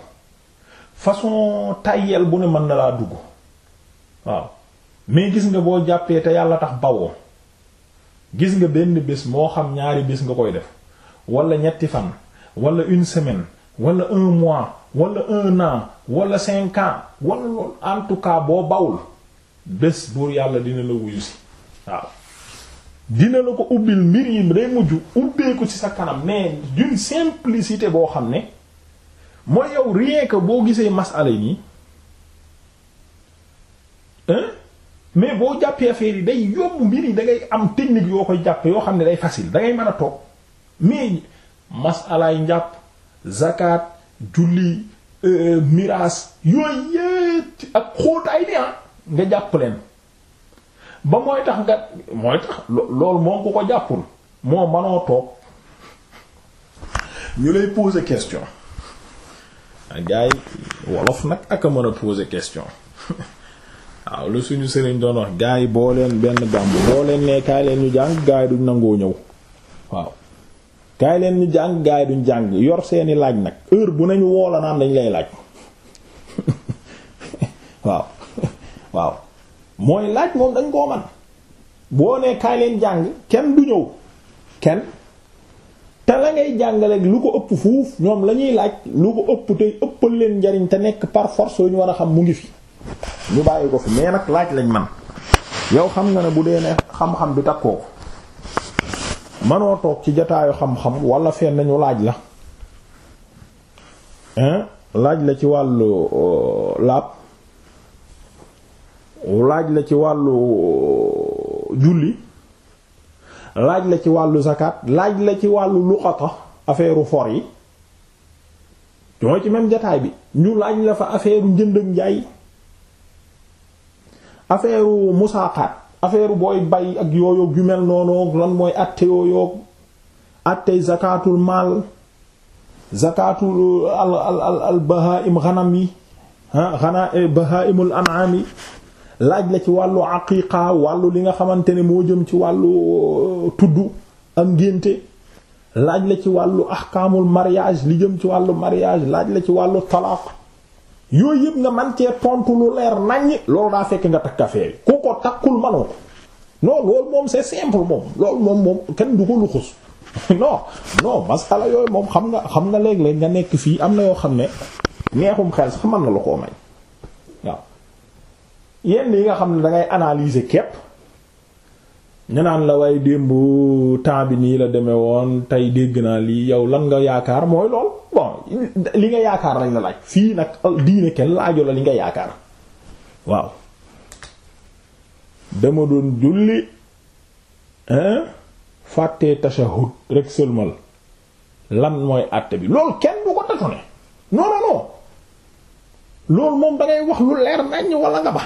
façon tayyel bu ne mën na laa dugg waaw mais gis nga boo jàppee te yàlla tax bawoo gis nga benn bés moo xam ñaari bés nga koy def wala ñetti fan wala une semaine wala un mois wala un an wala cinq ans wala lool boo bawul bés buur yàlla dina la wuyu si waaw dina la ko ubbil mbir yi day mujj ubbeeku ci sa kanam mais d'une simplicité boo xam ne mooy yow rien boo gisee masala yi mais boo jàppee affaire yi day yomb mbir yi da ngay am technique yoo koy jàpp yoo xam ne day facile da ngay mën a toog mais masalaay njàpp zakat julli euh, miraas yooyu yépp ak xóotaay ni ah nga jàpp leen ba mooy tax nga mooy tax loolu moom ku ko jàppul moo manoo toog ñu lay pose question ah, gars yi wolof nag ak a mën a poser question waaw lu suñu sëriñ doon wax gars boo leen benn gàmb boo leen ne kaay leen ñu jàng gars yi duñ nangoo ñëw waaw kaay leen ñu jàng gars duñ jàng yor seeni laaj nag heure bu nañu woola naan dañ lay laaj waaw waaw mooy laaj moom dañ koo man boo nee leen jàng kenn du ñëw kenn te la ngay jàngale lu ko ëpp fuuf ñoom lañuy laaj lu ko ëpp tey ëppal leen njariñ te nekk par force yu ñu war a xam mu ngi fi ñu bàyyi ko fi mais nag laaj lañ man yow xam nga ne bu dee ne xam-xam bi takkoo ko manoo toog ci jataayu xam-xam wala fenn ñu laaj la laaj la ci wàllu euh, laab laaj la ci wàllu uh, julli laaj la ci wàllu zakat laaj la ci wàllu luqata affaire for yi mooy ci même jataay bi ñu laaj la fa affaire njënd ak njaay affaire musaaqaat affaire booy bay ak yooyoog yu noonu lan mooy atte yooyoog attey zakatul maal zakatul uh, al al al bahaim xanam yi ah eh, bahaimul an'am yi laaj la ci wàllu aqiqa wàllu li nga xamante ne moo jëm ci wàllu euh, tudd ak ngénte laaj la ci wàllu ahkaamul mariage li jëm ci wàllu mariage laaj la ci wàllu talaaq yooyu yëpp nga man cee tontu lu leer naññ loolu daa fekk nga takk affaire yi ku ko takkul manoo ko non loolu moom c'est simple moom loolu moom moom kenn du ko luxus non non masala yooyu moom xam nga xam nga léeg-léeg nga nekk fii am na yoo xam ne neexum xel sax mën na la koo may yenn yi nga xam ne dangay analyser képp ñu naan la waaye démb temps bi nii la demee woon tey dégg naa lii yow lan nga yaakaar mooy lool bon li nga yaakaar lañ la laaj fii nag diine kenn laaju la li nga yaakaar waaw dama doon julli hein fàtte tashahhud rek sëlmal lan mooy àtte bi loolu kenn du ko tatu ne non non moom dangay wax lu leer nañ wala nga ba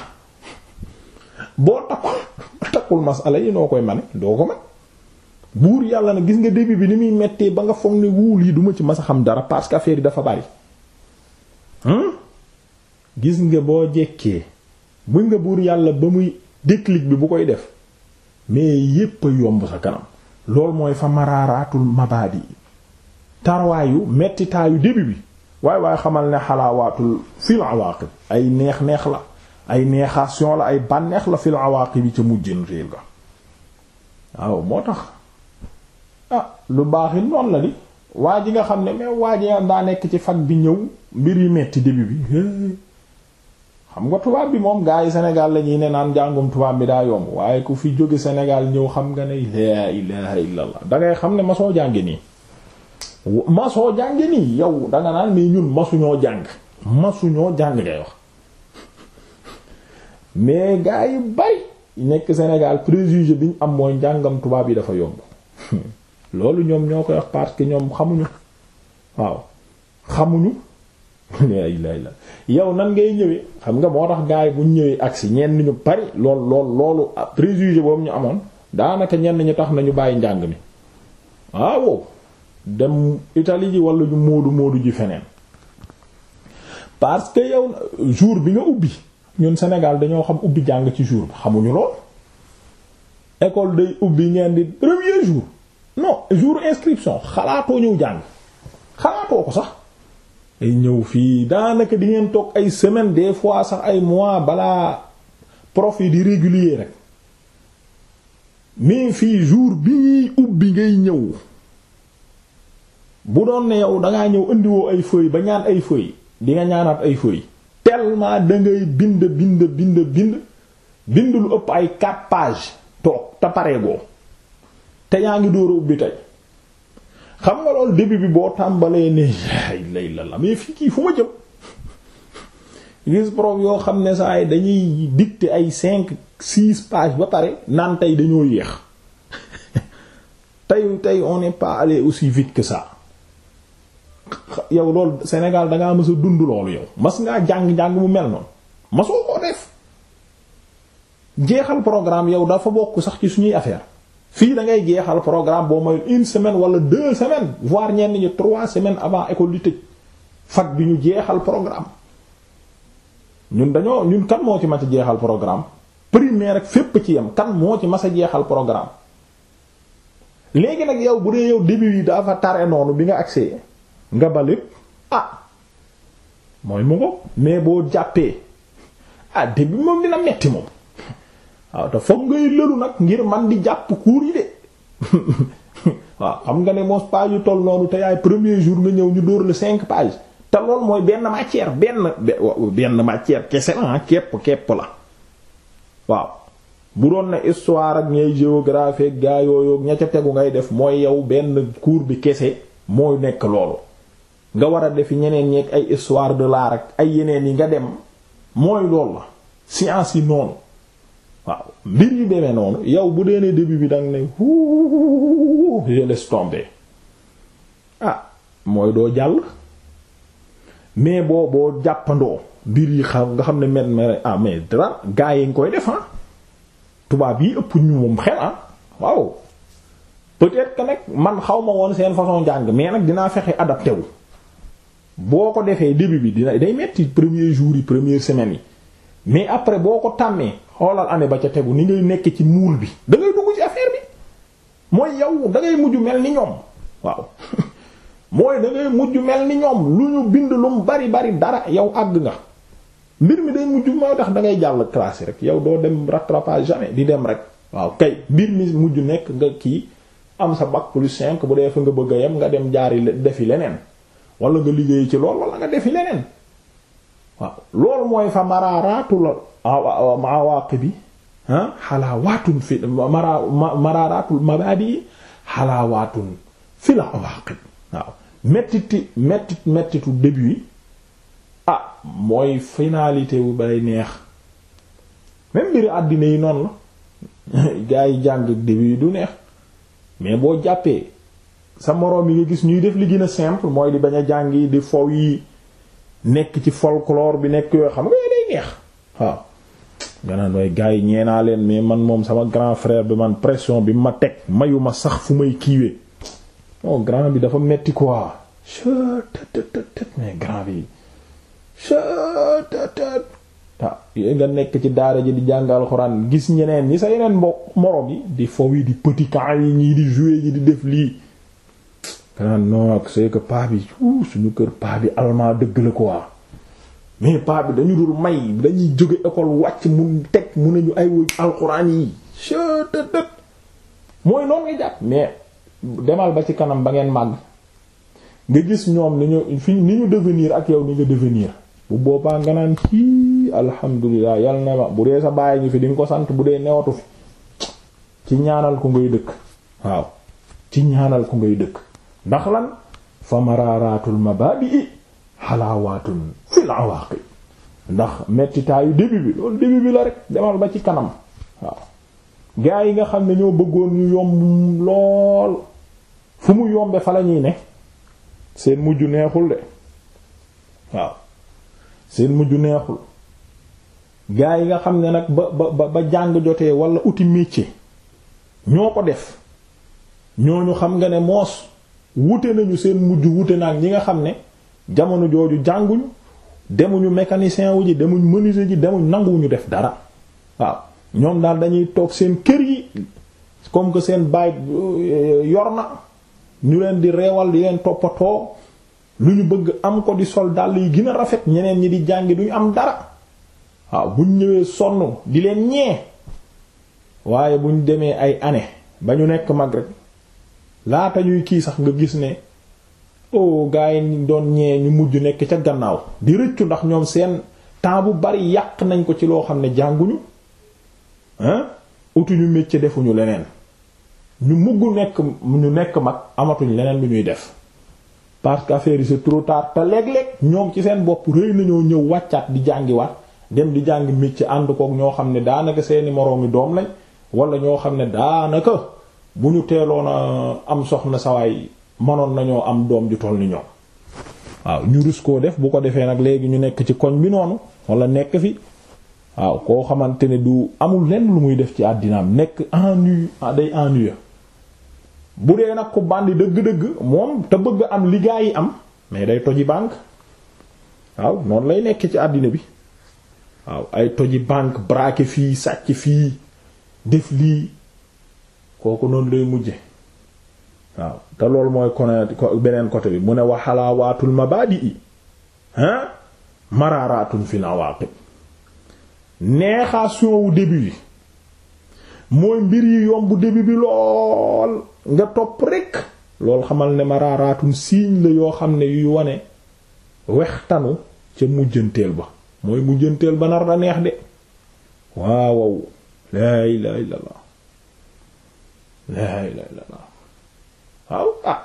boo takkul takkul masala yi noo koy mane doo ko man buur yàlla na gis nga début bi ni muy mettee ba nga foog ne wuul yi duma ci mas a xam dara parce que affaire yi dafa bari hmm? gis nga boo jekkee bu nga buur yàlla ba muy déclic bi bu koy def mais yépp yomb sa kanam loolu mooy fa maraaraatul mabaadi tarwaayu mettitaayu début bi waaye waaye xamal ne xalaawaatul fil awaaqib ay neex neex la ay neexation la ay bànneex la fil awaaqib ca mujjin réel ga waaw moo tax ah lu baax it noonu la di waa ji nga xam ne mais waa ji daa nekk ci fag bi ñëw mbir yi metti début bi xam nga tubaab bi moom gaa yi senegal la ne naan jàngum tubaab bi daa yomb waaye ku fi jóge senegal ñëw xam nga ne laa ilaha illallah da xam ne ma soo jàngi nii ma soo jàngi nii yow da nga naan mais ñun masuñoo jàng masuñoo jàng ngay wax. mais gars yi bari nekk Sénégal préjugé bi ñu am mooy njàngam tubaab yi dafa yomb loolu ñoom ñoo koy wax parce que ñoom xamuñu waaw xamuñu lay lay la nan ngay ñëwee xam nga moo tax gars yi buñ ñëwee agsi ñenn ñu bari lool lool loolu préjugé boobu ñu amoon daanaka ñenn ñu tax nañu bàyyi njàng mi waaw dem Italie ji wala ñu moodu moodu ji feneen parce que yow jour bi nga ubbi. ñun Sénégal dañoo xam ubbi jàng ci jour bi xamuñu lool école day ubbi ngeen di premier jour non jour inscription xalaatoo ñëw jàng xalaatoo ko sax ay ñëw fii daanaka di ngeen toog ay semaine des fois sax ay mois balaa prof di régulier rek mais fii jour bi ñuy ubbi ngay ñëw bu doon ne yow dangaa ñëw indiwoo ay feuilles ba ñaan ay feuilles di nga ñaanaat ay feuilles tellement da ngay bind bind bind bind bind lu ëpp ay quatre pages toog te paree goo te yaa ngi dóora ubbi tey xam nga loolu début bi boo tàmbalee ne lay la la mais fii kii fu ma jëm gis prof yoo xam ne saa yi dañuy dicter ay cinq six pages ba pare naan tey dañoo yéex tey tey on n'est pas allé aussi vite que yow loolu Sénégal da ngaa dund loolu yow mas ngaa jàng-jàng mu mel noonu masoo koo def jeexal programme yow dafa bokk sax ci suñuy affaire fii da ngay jeexal programme boo mooy une semaine wala deux semaines voire ñenn ñi trois semaine avant école di tëj fat bi ñu jeexal programme ñun dañoo ñun kan moo ci mas a jeexal programme primaire ak fépp ci yam kan moo ci mas a jeexal programme léegi nag yow bu dee yow début yi dafa tare noonu bi nga accès nga balit ah mooy mu ngo mais boo jàppee ah début moom dina metti moom waaw te foog ngay lëlu nag ngir man di jàpp kuur yi de waaw xam nga ne moos page yu toll noonu te yaay premier jour nga ñëw ñu dóor la cinq pages te lool mooy benn matière benn benn matière kese la ah, képp képp la waaw bu doon na histoire ak ñay géographie ak gaa yooyu ña tegu ngay def mooy yow benn cours bi kese moo nekk loolu nga war a defi ñeneen ñeeg ay histoire de l'art ak ay yeneen yi nga dem mooy loolu la science yi noonu waaw mbir yu demee noonu yow bu dee ne début bi danga ne wuu je laisse tomber ah mooy doo jàll mais booboo jàppandoo mbir yi xam nga xam ne mel na ah mais dara gaa yi nga koy def tubaab yi ëpp ñu moom xel ah waaw peut-être que man xaw ma woon seen façon njàng mais nag dinaa fexe adapté wu. boo ko defee début bi dina day metti premier jour yi première semaine yi mais après boo ko tàmmee xoolal année ba ca tegu ni ngay nekkee ci muul bi da ngay dugg ci affaire bi mooy yow dangay mujj mel ni ñoom waaw mooy da ngay mel ni ñoom lu ñu bind lu mu bari bari dara yow àgg nga mbir mi day mujj mooy tax da ngay jàll classe rek yow doo dem rattrapage jamais di dem rek waaw kay mbir mi mujj nekk nga kii am sa bac plus cinq bu dee fa nga bëgg yam nga dem jaari defi leneen wala nga liggéey ci lool wala nga defi leneen waaw loolu mooy fa maraaraatu la awaaqi bi ah, xalaawaatun fi maraaraatul mabaadi xalaawaatun fi la awaaqib waaw mettiti mettit mettitu début yi ah mooy finalité bu bay neex même mbiri àddina yi noonu la gaa yi jàng début yi du neex mais boo jàppee sa moroom yi nga gis ñuy def li gën a simple mooy di bañ a jàng yi di fow yi nekk ci folklore bi nekk yoo xam nga day waaye gars yi ñee naa leen mais man moom sama grand frère bi man pression bi ma teg mayuma sax fu may kiiwee non grand bi dafa metti quoi chettt mais grand bi chettt ah waaw yooyu nga nekk ci daara ji di jàng alxuraan gis ñeneen ñi sa yeneen mbokk moroom yi di fow yi di petit camp yi di jouer yi di def lii kanaan non ak c'est que paa bi suñu kër paa bi allemand dëgg la ko quoi mais paa bi dañu dul may dañuy jóge école wàcc mun teg mun nañu ay woy alxuraan yi chetëtët mooy noonu nga jàpp mais demal ba ci kanam ba ngeen màgg nga gis ñoom ni ñu fi ni ñu devenir ak yow ni nga devenir bu boobaa nga naan kii alhamdulilah yàlla na ma bu dee sa bàyyi ñu fi di ko sant bu dee newatu fi ci ñaanal ko ngay dëkk waaw ci ñaanal ko ngay dëkk ndax lan fa maraaraatul mabaadi xalaawaatun fil awaaqib ndax mettitaayu début bi loolu début bi la rek demal ba ci kanam waaw gaa yi nga xam ne ñoo bëggoon ñu yomb lool fu mu yombe fa la ñuy ne seen mujj neexul de waaw seen mujj neexul gaa yi nga xam ne nag ba ba ba jàng jotee wala outil métier ñoo ko def ñooñu xam nga ne moos wute nañu seen mujj wute naag ñi nga xam ne jamono jooju jànguñ demuñu mécanicien wu ji demuñ menuisier ji demuñ nanguwuñu def dara waaw ñoom daal dañuy toog seen kër yi comme que seen baay euh, yor na ñu leen di reewal di toppatoo lu ñu bëgg am ko di sol dàll yi gën a rafet ñeneen ñi di jàngi duñu am dara waaw buñ ñëwee sonn di leen ñee waaye buñ demee ay année ba ñu nekk mag laata ñuy kii sax nga gis ne o oh, gaa yi ñu doon ñee ñu mujj nekk ca gannaaw di rëccu ndax ñoom seen temps bu bari yàq nañ ko ci loo xam ne jànguñu hein utuñu métier defuñu leneen ñu mugg nekk ñu nekk mag amatuñ leneen lu ñuy def parce que affaire yi c'est trop tard te léeg-léeg ñoom ci seen bopp rëy nañoo ñëw wàccaat di jàngiwaat dem di jàngi métier ànd kook ñoo xam ne daanaka seeni moroomi doom lañ walla ñoo xam ne daanaka bu ñu teeloon a am soxna sawaay mënoon nañoo am doom ju toll ni ñoom waaw ñu rus koo def bu ko defee nag léegi ñu nekk ci koñ bi noonu wala nekk fi waaw koo xamante ne du amul lenn lu muy def ci àddinaam nekk ennui day ennui bu dee nag ku bandi dëgg-dëgg moom te bëgg am li yi am mais day toji bànk waaw noonu lay nekk ci àddina bi waaw ay toji banque braquer fii sàcc fii def lii kooku noonu lay mujje waaw te loolu mooy kone beneen côté bi mu ne waxalaawaatul mabaadi i hein maraaraatum fi nawaaqib neexation wu début yi mooy mbir yi yomb début bi lool nga topp rek lool xamal ne maraaraatum siiñ la yoo xam ne yuy wane wextanu ca mujjanteel ba mooy mujjanteel ba nar da neex de waaw waaw laa ilaaha illallaah laa ilaaha waaw ah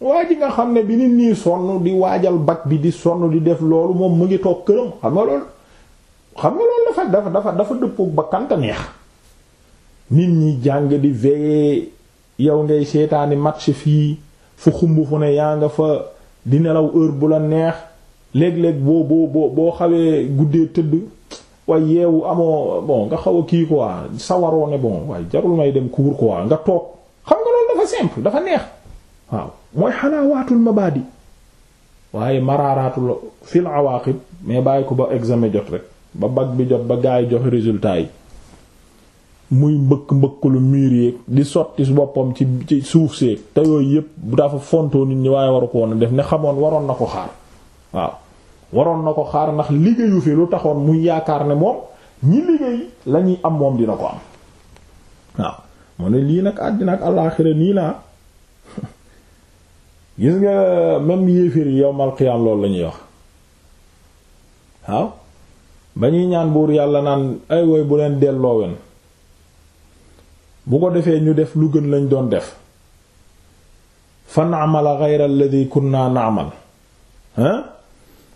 waa ji nga xam ne bi nit ñi sonn di waajal bac bi di sonn di def loolu moom mu ngi toog këram xam nga loolu dafa dafa dafa dëppook ba kanta neex nit ñi jàng di veiller yow ngay seetaani match fii fu xumb fu ne yaa nga fa di nelaw heure bu la neex léeg-léeg boo boo boo boo xawee guddee tëdd waaye yeewu amoo bon nga xaw a kii quoi sawaroo ne bon waaye jarul may dem cours quoi nga toog xam nga loolu dafa simple dafa neex waaw mooy xalaawaatul mabaadi waaye maraaraatul fil awaaqib mais bàyyi ko ba examen jot rek ba bag bi jot ba gaa yi joxe résultat yi muy mbëkk mbëkk lu mur yeeg di sotti boppam ci ci suuf seeg te yooyu yépp dafa fontoo nit ñi waaye waru ko woon def ne xamoon waroon na ko xaar waaw waroon na ko xaar ndax liggéeyu fi lu taxoon muy yaakaar ne moom ñi liggéey la am moom dina ko am waaw mu ne lii nag àddina ak àllaaxira nii laa gis nga même yéeféer yi yowmal loolu lañuy ñuy wax waaw ba ñuy ñaan buur yàlla naan ay woy bu leen delloowen bu ko defee ñu def lu gën lañ doon def fa naamala gayra alladi kunna naamal hein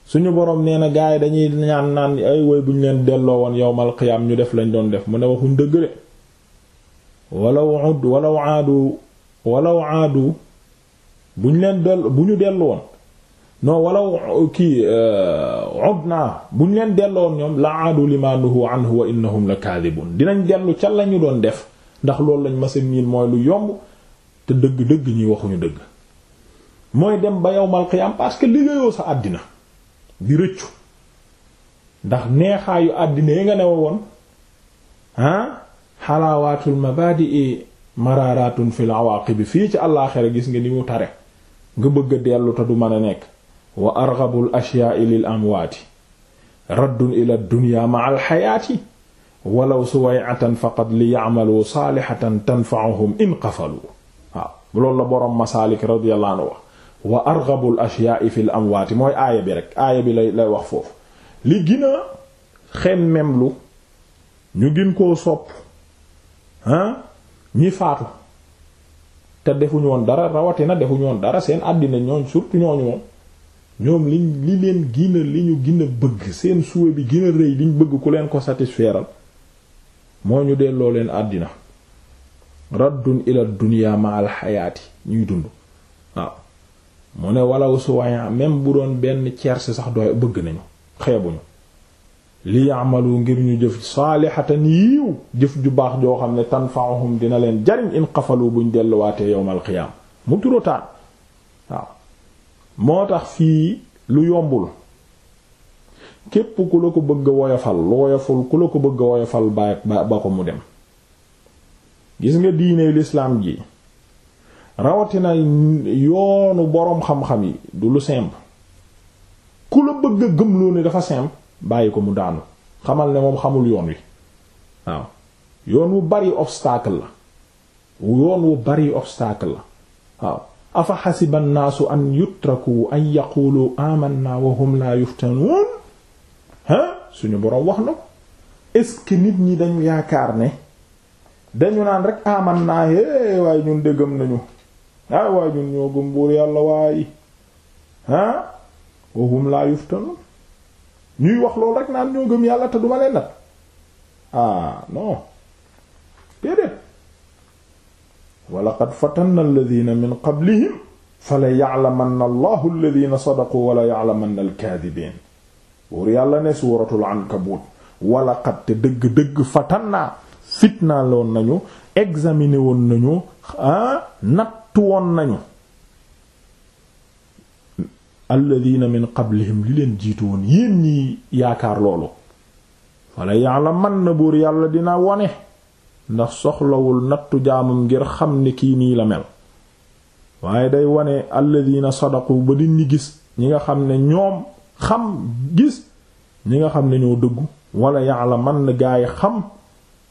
suñu boroom nee na gars yi dañuy ñaan naan ay woy bu ñu leen delloo woon yowmal qiyaam ñu def lañ doon def mu ne waxuñ dëgg de walaw aad walaw aadu walaw aadu bu leen dell bu ñu dellu woon non walaw kii odd euh, naa bu leen delloo ñoom la aadu lima wa innahum la kaadibun dinañ dellu ca lañu doon def ndax loolu lañ masa miin mooy lu yomb te dëgg-dëgg ñuy waxuñu dëgg mooy dem ba yowmal qiyaam parce que liggéeyoo sa àddina di rëccu ndax neexaayu àddina yi nga ne woon ah xalaawaatul mabaadi'i maraaraatun fil awaaqibi fii ci àllaaxira gis nga ni mu tare nga bëgg a du mën a nekk wa arghabul ashyaa'i lil amwaati raddun ila dunya ma'a al xayaati walaw suway'atan faqad li ya'malu saalihatan tanfa'uhum in qafalu waaw la boroom masaalik radiyallahu anhu waa wa arghabul ashyaa'i fil amwaati mooy aaya bi rek aaya bi lay lay wax foofu li gën a xemmem lu ñu gin koo sopp ah ñi faatu te defuñu woon dara rawatina defuñu woon dara seen àddina ñooñ surtout ñooñu moom ñoom li li leen gën a li ñu gën bëgg seen souhait bi gën a rëy liñ bëgg ku leen ko satisfairal moo ñu delloo leen àddina raddun ila dunya ma al ñuy dund waaw mu ne walaw suwayan même bu doon benn cerse sax doy bëgg nañu xeebuñu li yaamalu ngir ñu jëf saalihatan yiiw jëf ju baax joo xam ne tanfaahum dina leen jariñ in xafalu buñ delluwaatee yowmal qiyaam mu turotaan moo tax fii lu yombul képp ku la ko bëgg a woyofal lu woyoful ku la ko bëgg a woyofal ba ba ko mu dem gis nga diine lislaam ji rawatina yoonu boroom xam-xam yi du lu simple ku la bëgg gëmloo ne dafa simple bàyyi ko mu daanu xamal ne moom xamul yoon wi waaw yoon wu bari obstacle la wu bari obstacle la waaw afa naa su an yutraku an yaqulu amanna wa hum la yuftanuun ha suñu boroom wax na ko est-ce nit ñi dañu yaakaar ne dañu naan rek aman naa waaye ñun déggam nañu ah waaye ñun ñoo gëm buur yàlla waaye ah wa hum laa yuftanu ñuy wax loolu rek naan ñoo gëm yàlla te duma leen nag ah non déedéet wa laqad fatanna alladhina min qablihim fala ya'lamanna allahu alladhina sadaqu wala ya'lamanna alkaadibin buur yàlla ne suuratul ankabut wala qad te dëgg-dëgg fatannaa fitnaaloon nañu examiner woon nañu ah nattu woon nañu alladina min qablihim li leen jiitu woon yéen ñi yaakaar loolu wala yàlla man na buur yàlla dina wone ndax soxlawul nattu jaamam ngir xam ni kii nii la mel waaye day wone alladina sadaqu ba nit ñi gis ñi nga xam ne ñoom xam gis nga xam ne ñoo dëggu wala yàlla man na gaay xam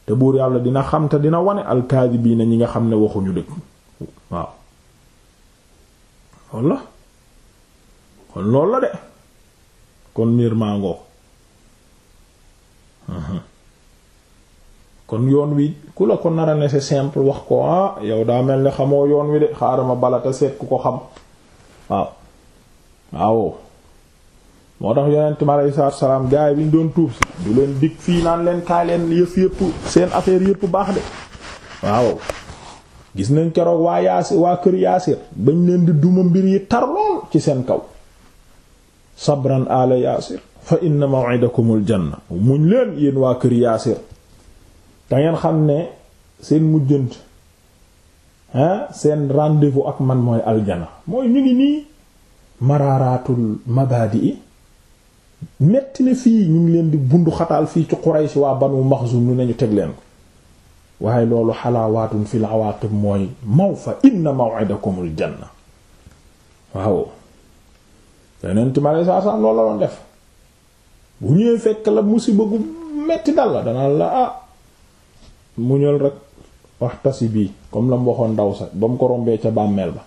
te buur yàlla dina xam te dina wone alkaadibiina ñi nga xam ne waxuñu dëgg waaw loolu la kon loolu la de kon mbir maa kon yoon wi ku la ko nara ne c'est simple wax ko ah yow daa mel ni xamoo yoon wi de ma balata seet ku ko xam waaw waaw moo tax yonent mi aleyhi salaam gaa bi ñu doon tuub si du leen dig fii naan leen kaay leen yëf yëpp seen affaire yëpp baax de waaw gis nañ keroog waa yaasir waa kër yaasir bañ leen di duma mbir yi tar lool ci seen kaw sabran ala yaasir fa inna maw'idakumul janna muñ leen yéen waa kër yaasir da ngeen xam ne seen mujjant hein seen rendez ak man mooy aljana mooy ñu ngi nii maraaraatul mabaadi i metti na fii ñu ngi leen di bundu xataal fii ci Quraysh waa wu Maxsum lu nañu teg leen ko waaye loolu xalaawaatun fil awaaqib mooy maw fa inna maw'idakumul janna waaw yeneen time ale saa saa loolu la doon def bu ñëwee fekk la musiba gu metti dal la danaa la ah muñal rek wax tasi bii comme la mu waxoon ndaw sax ba mu ko rombee ca bàmmeel ba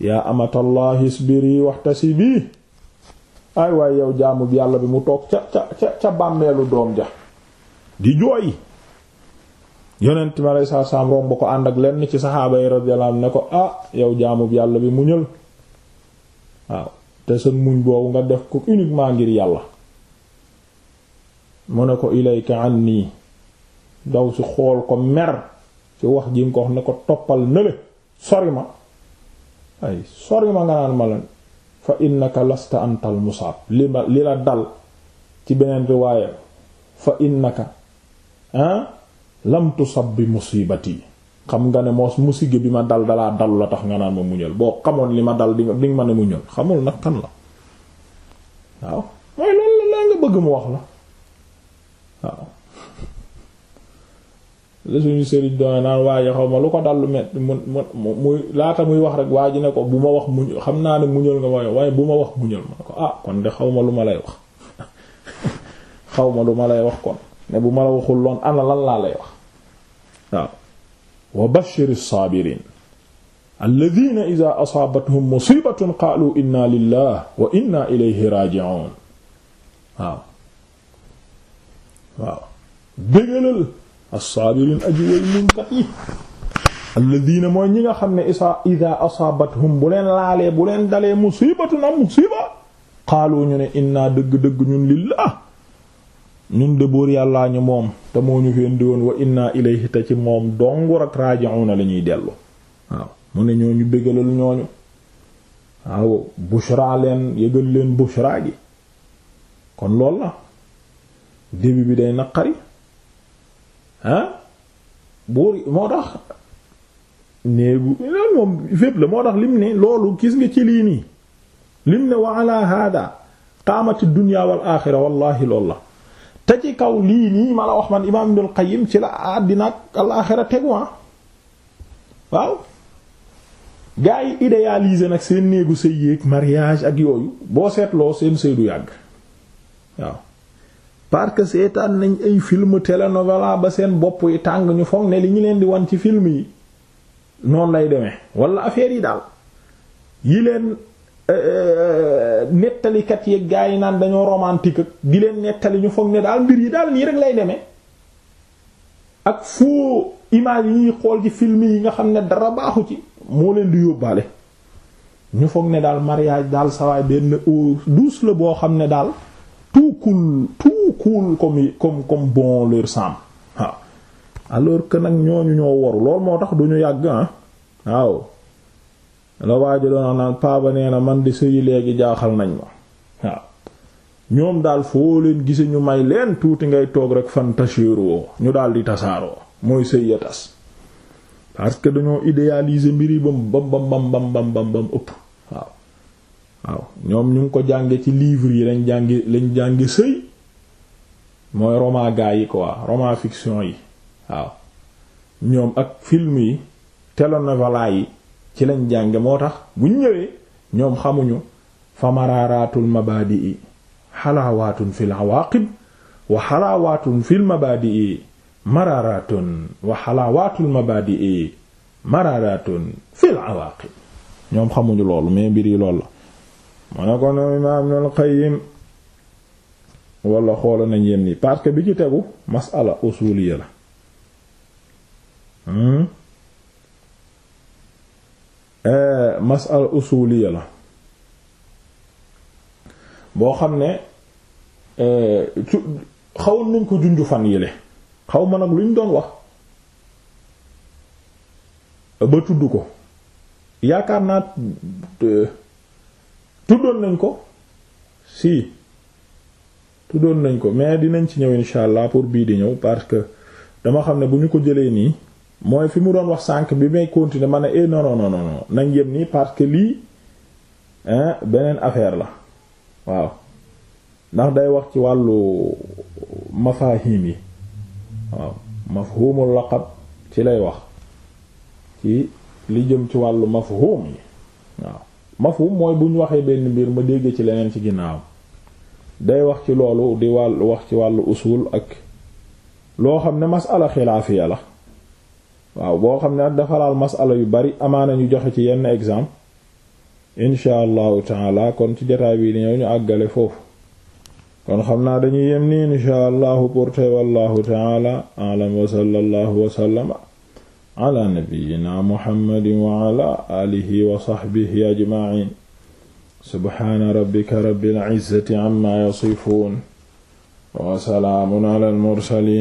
yaa amatallahi isbiri waxtasi bii ay waaye yow jaamu bi yàlla bi mu toog ca ca ca bàmmeelu doom ja di jooy yonent mi aleyhi salaatu salaam romb ko ànd ak lenn ci saxaaba yi ne ko ah yow jaamu yàlla bi mu muñal waaw te sa muñ boobu nga def ko uniquement ngir yàlla mu ne ko ilayka nii daw si xool ko mer si wax ji nga ko ne ko toppal nële sori ma ay sori ma nga naan ma lan fa innaka lasta antal musaab li la dal ci beneen riwaaya fa innaka ah lam tusab bi musibati xam nga ne moos musiga bi ma dal dalu la tax nga naan ma muñal boo xamoon li ma dal di nga ma ne muñal xamul nag kan la waaw mooy loolu la nga mu wax la waaw la suñu naan waaye xaw ma lu ko dal lu met mu laata muy wax rek waa ji ne ko bu ma wax muñ xam naa ne muñal nga waxee waaye bu ma wax muñal ma ne ko ah kon de xaw ma lu ma lay wax xaw ma lu ma lay wax kon ne bu ma la waxul loon ana lan laa lay wax waaw wa bashiri saabiriin alladina ida asaabathum musibatun qaalu inna lillah wa inna ilayhi raaji'uun waaw waaw bégalal alsaabiriin aji way muñkat yi alladina mooy ñi nga xam ne isa ida asaabathum bu leen laalee bu leen dalee musibatun am musiba qaalu ñu ne inna dëgg-dëgg ñun lillah ñun de buur yàlla ñu moom te moo ñu fi indi woon wa inna ilayhi ci moom dongu ak raaji'una la ñuy dellu waaw mu ne ñooñu bégalal ñooñu leen yëgal leen bushra la début bi day naqari buur moo tax néegu loolu gis nga ci lii nii lim ne wa ala hada qaamati dunya wal axira wallahi loolu la te ci kaw lii nii ma la wax man imaam Ibnul Qayyim ci la àddina ak alaaxira tegu ah. waaw gaa yi idéaliser nag seen néegu sëy yéeg mariage ak yooyu boo seetloo seen sëy du yàgg waaw parce que seetaan nañ ay film télénovela ba seen bopp yi tàng ñu foog ne li ñu leen di wan ci film yi noonu lay demee wala affaire yi daal yi leen Euh, euh, nettalikat yeeg gaa yi naan dañoo romantique ak di leen nettali ñu foog ne daal mbir yi daal nii rek lay demee ak foo image yi ñuy xool ci film yi nga xam ne dara baaxu ci moo leen di yóbbaale ñu foog ne daal mariage daal sawaay benn eau douce la boo xam ne daal tout cool tout comme comme comme bon leur semble alors que nag ñooñu ñoo waru lool moo tax duñu yàgg ah waaw la waajo doon naan paaba nee na man di sëyi léegi jaaxal nañ ma waaw ñoom daal foo leen gise ñu may leen tuuti ngay toog rek fan tashiru ñu daal di tasaaroo mooy sëy ya tas parce que dañoo idéaliser mbir yi bam bam bam bam bam ëpp waaw ñoom ñu ngi ko jànge ci livre yi lañ jànge lañ jànge sëy mooy roman gaa yi quoi roman fiction yi waaw ñoom ak film yi telenovela yi ci lañ jànge moo tax buñ ñëwee ñoom xamuñu fa maraaraatul mabaadii xalaawaatun fil awaaqib wa xalaawaatun fil mabaadii maraaraatun wa fil awaaqib ñoom xamuñu loolu mais mbir yi loolu la mu ne ko ñoom imaam Ibnul Qayyim wala xoola nañ yem ni parce bi ci tegu masala usuliya la hmm? Euh, masala usuliya la boo xam ne euh, su xawoon nañ ko junju fan yile xaw ma nag lu ñu doon wax ba tudd ko yaakaar naa euh, tuddoon nañ ko si tuddoon nañ ko mais di nañ ci ñëw insha allah pour bii di ñëw parce que dama xam ne bu ñu ko jëlee nii mooy fi mu doon wax sànq bi may continuer ma ne eh non non non nañ yem nii parce que lii beneen affaire la waaw ndax day wax ci wàllu mafahim yi waaw mafhumul laqab ci lay wax ci li jëm ci wàllu mafhum yi waaw mafhum mooy bu ñu waxee benn mbir ma dégg ci leneen ci ginnaaw day wax ci loolu di wàll wax ci wàllu usul ak loo xam ne masala xilaafiya la. waaw boo xam ne nag dafa laal masala yu bari amaana ñu joxe ci yenn exemple incha allahu taala kon ci jotaay bi ñëw ñu àggale foofu kon xam naa dañuy yem ni incha allahu pour tey wallahu taala alam wa sallallahu wa sallama ala nabiyyina muhammadin wa ala alihi wa sahbihi ajma'in subhana rabbika rabbil izzati amma yasifun wa salaamun ala al mursalin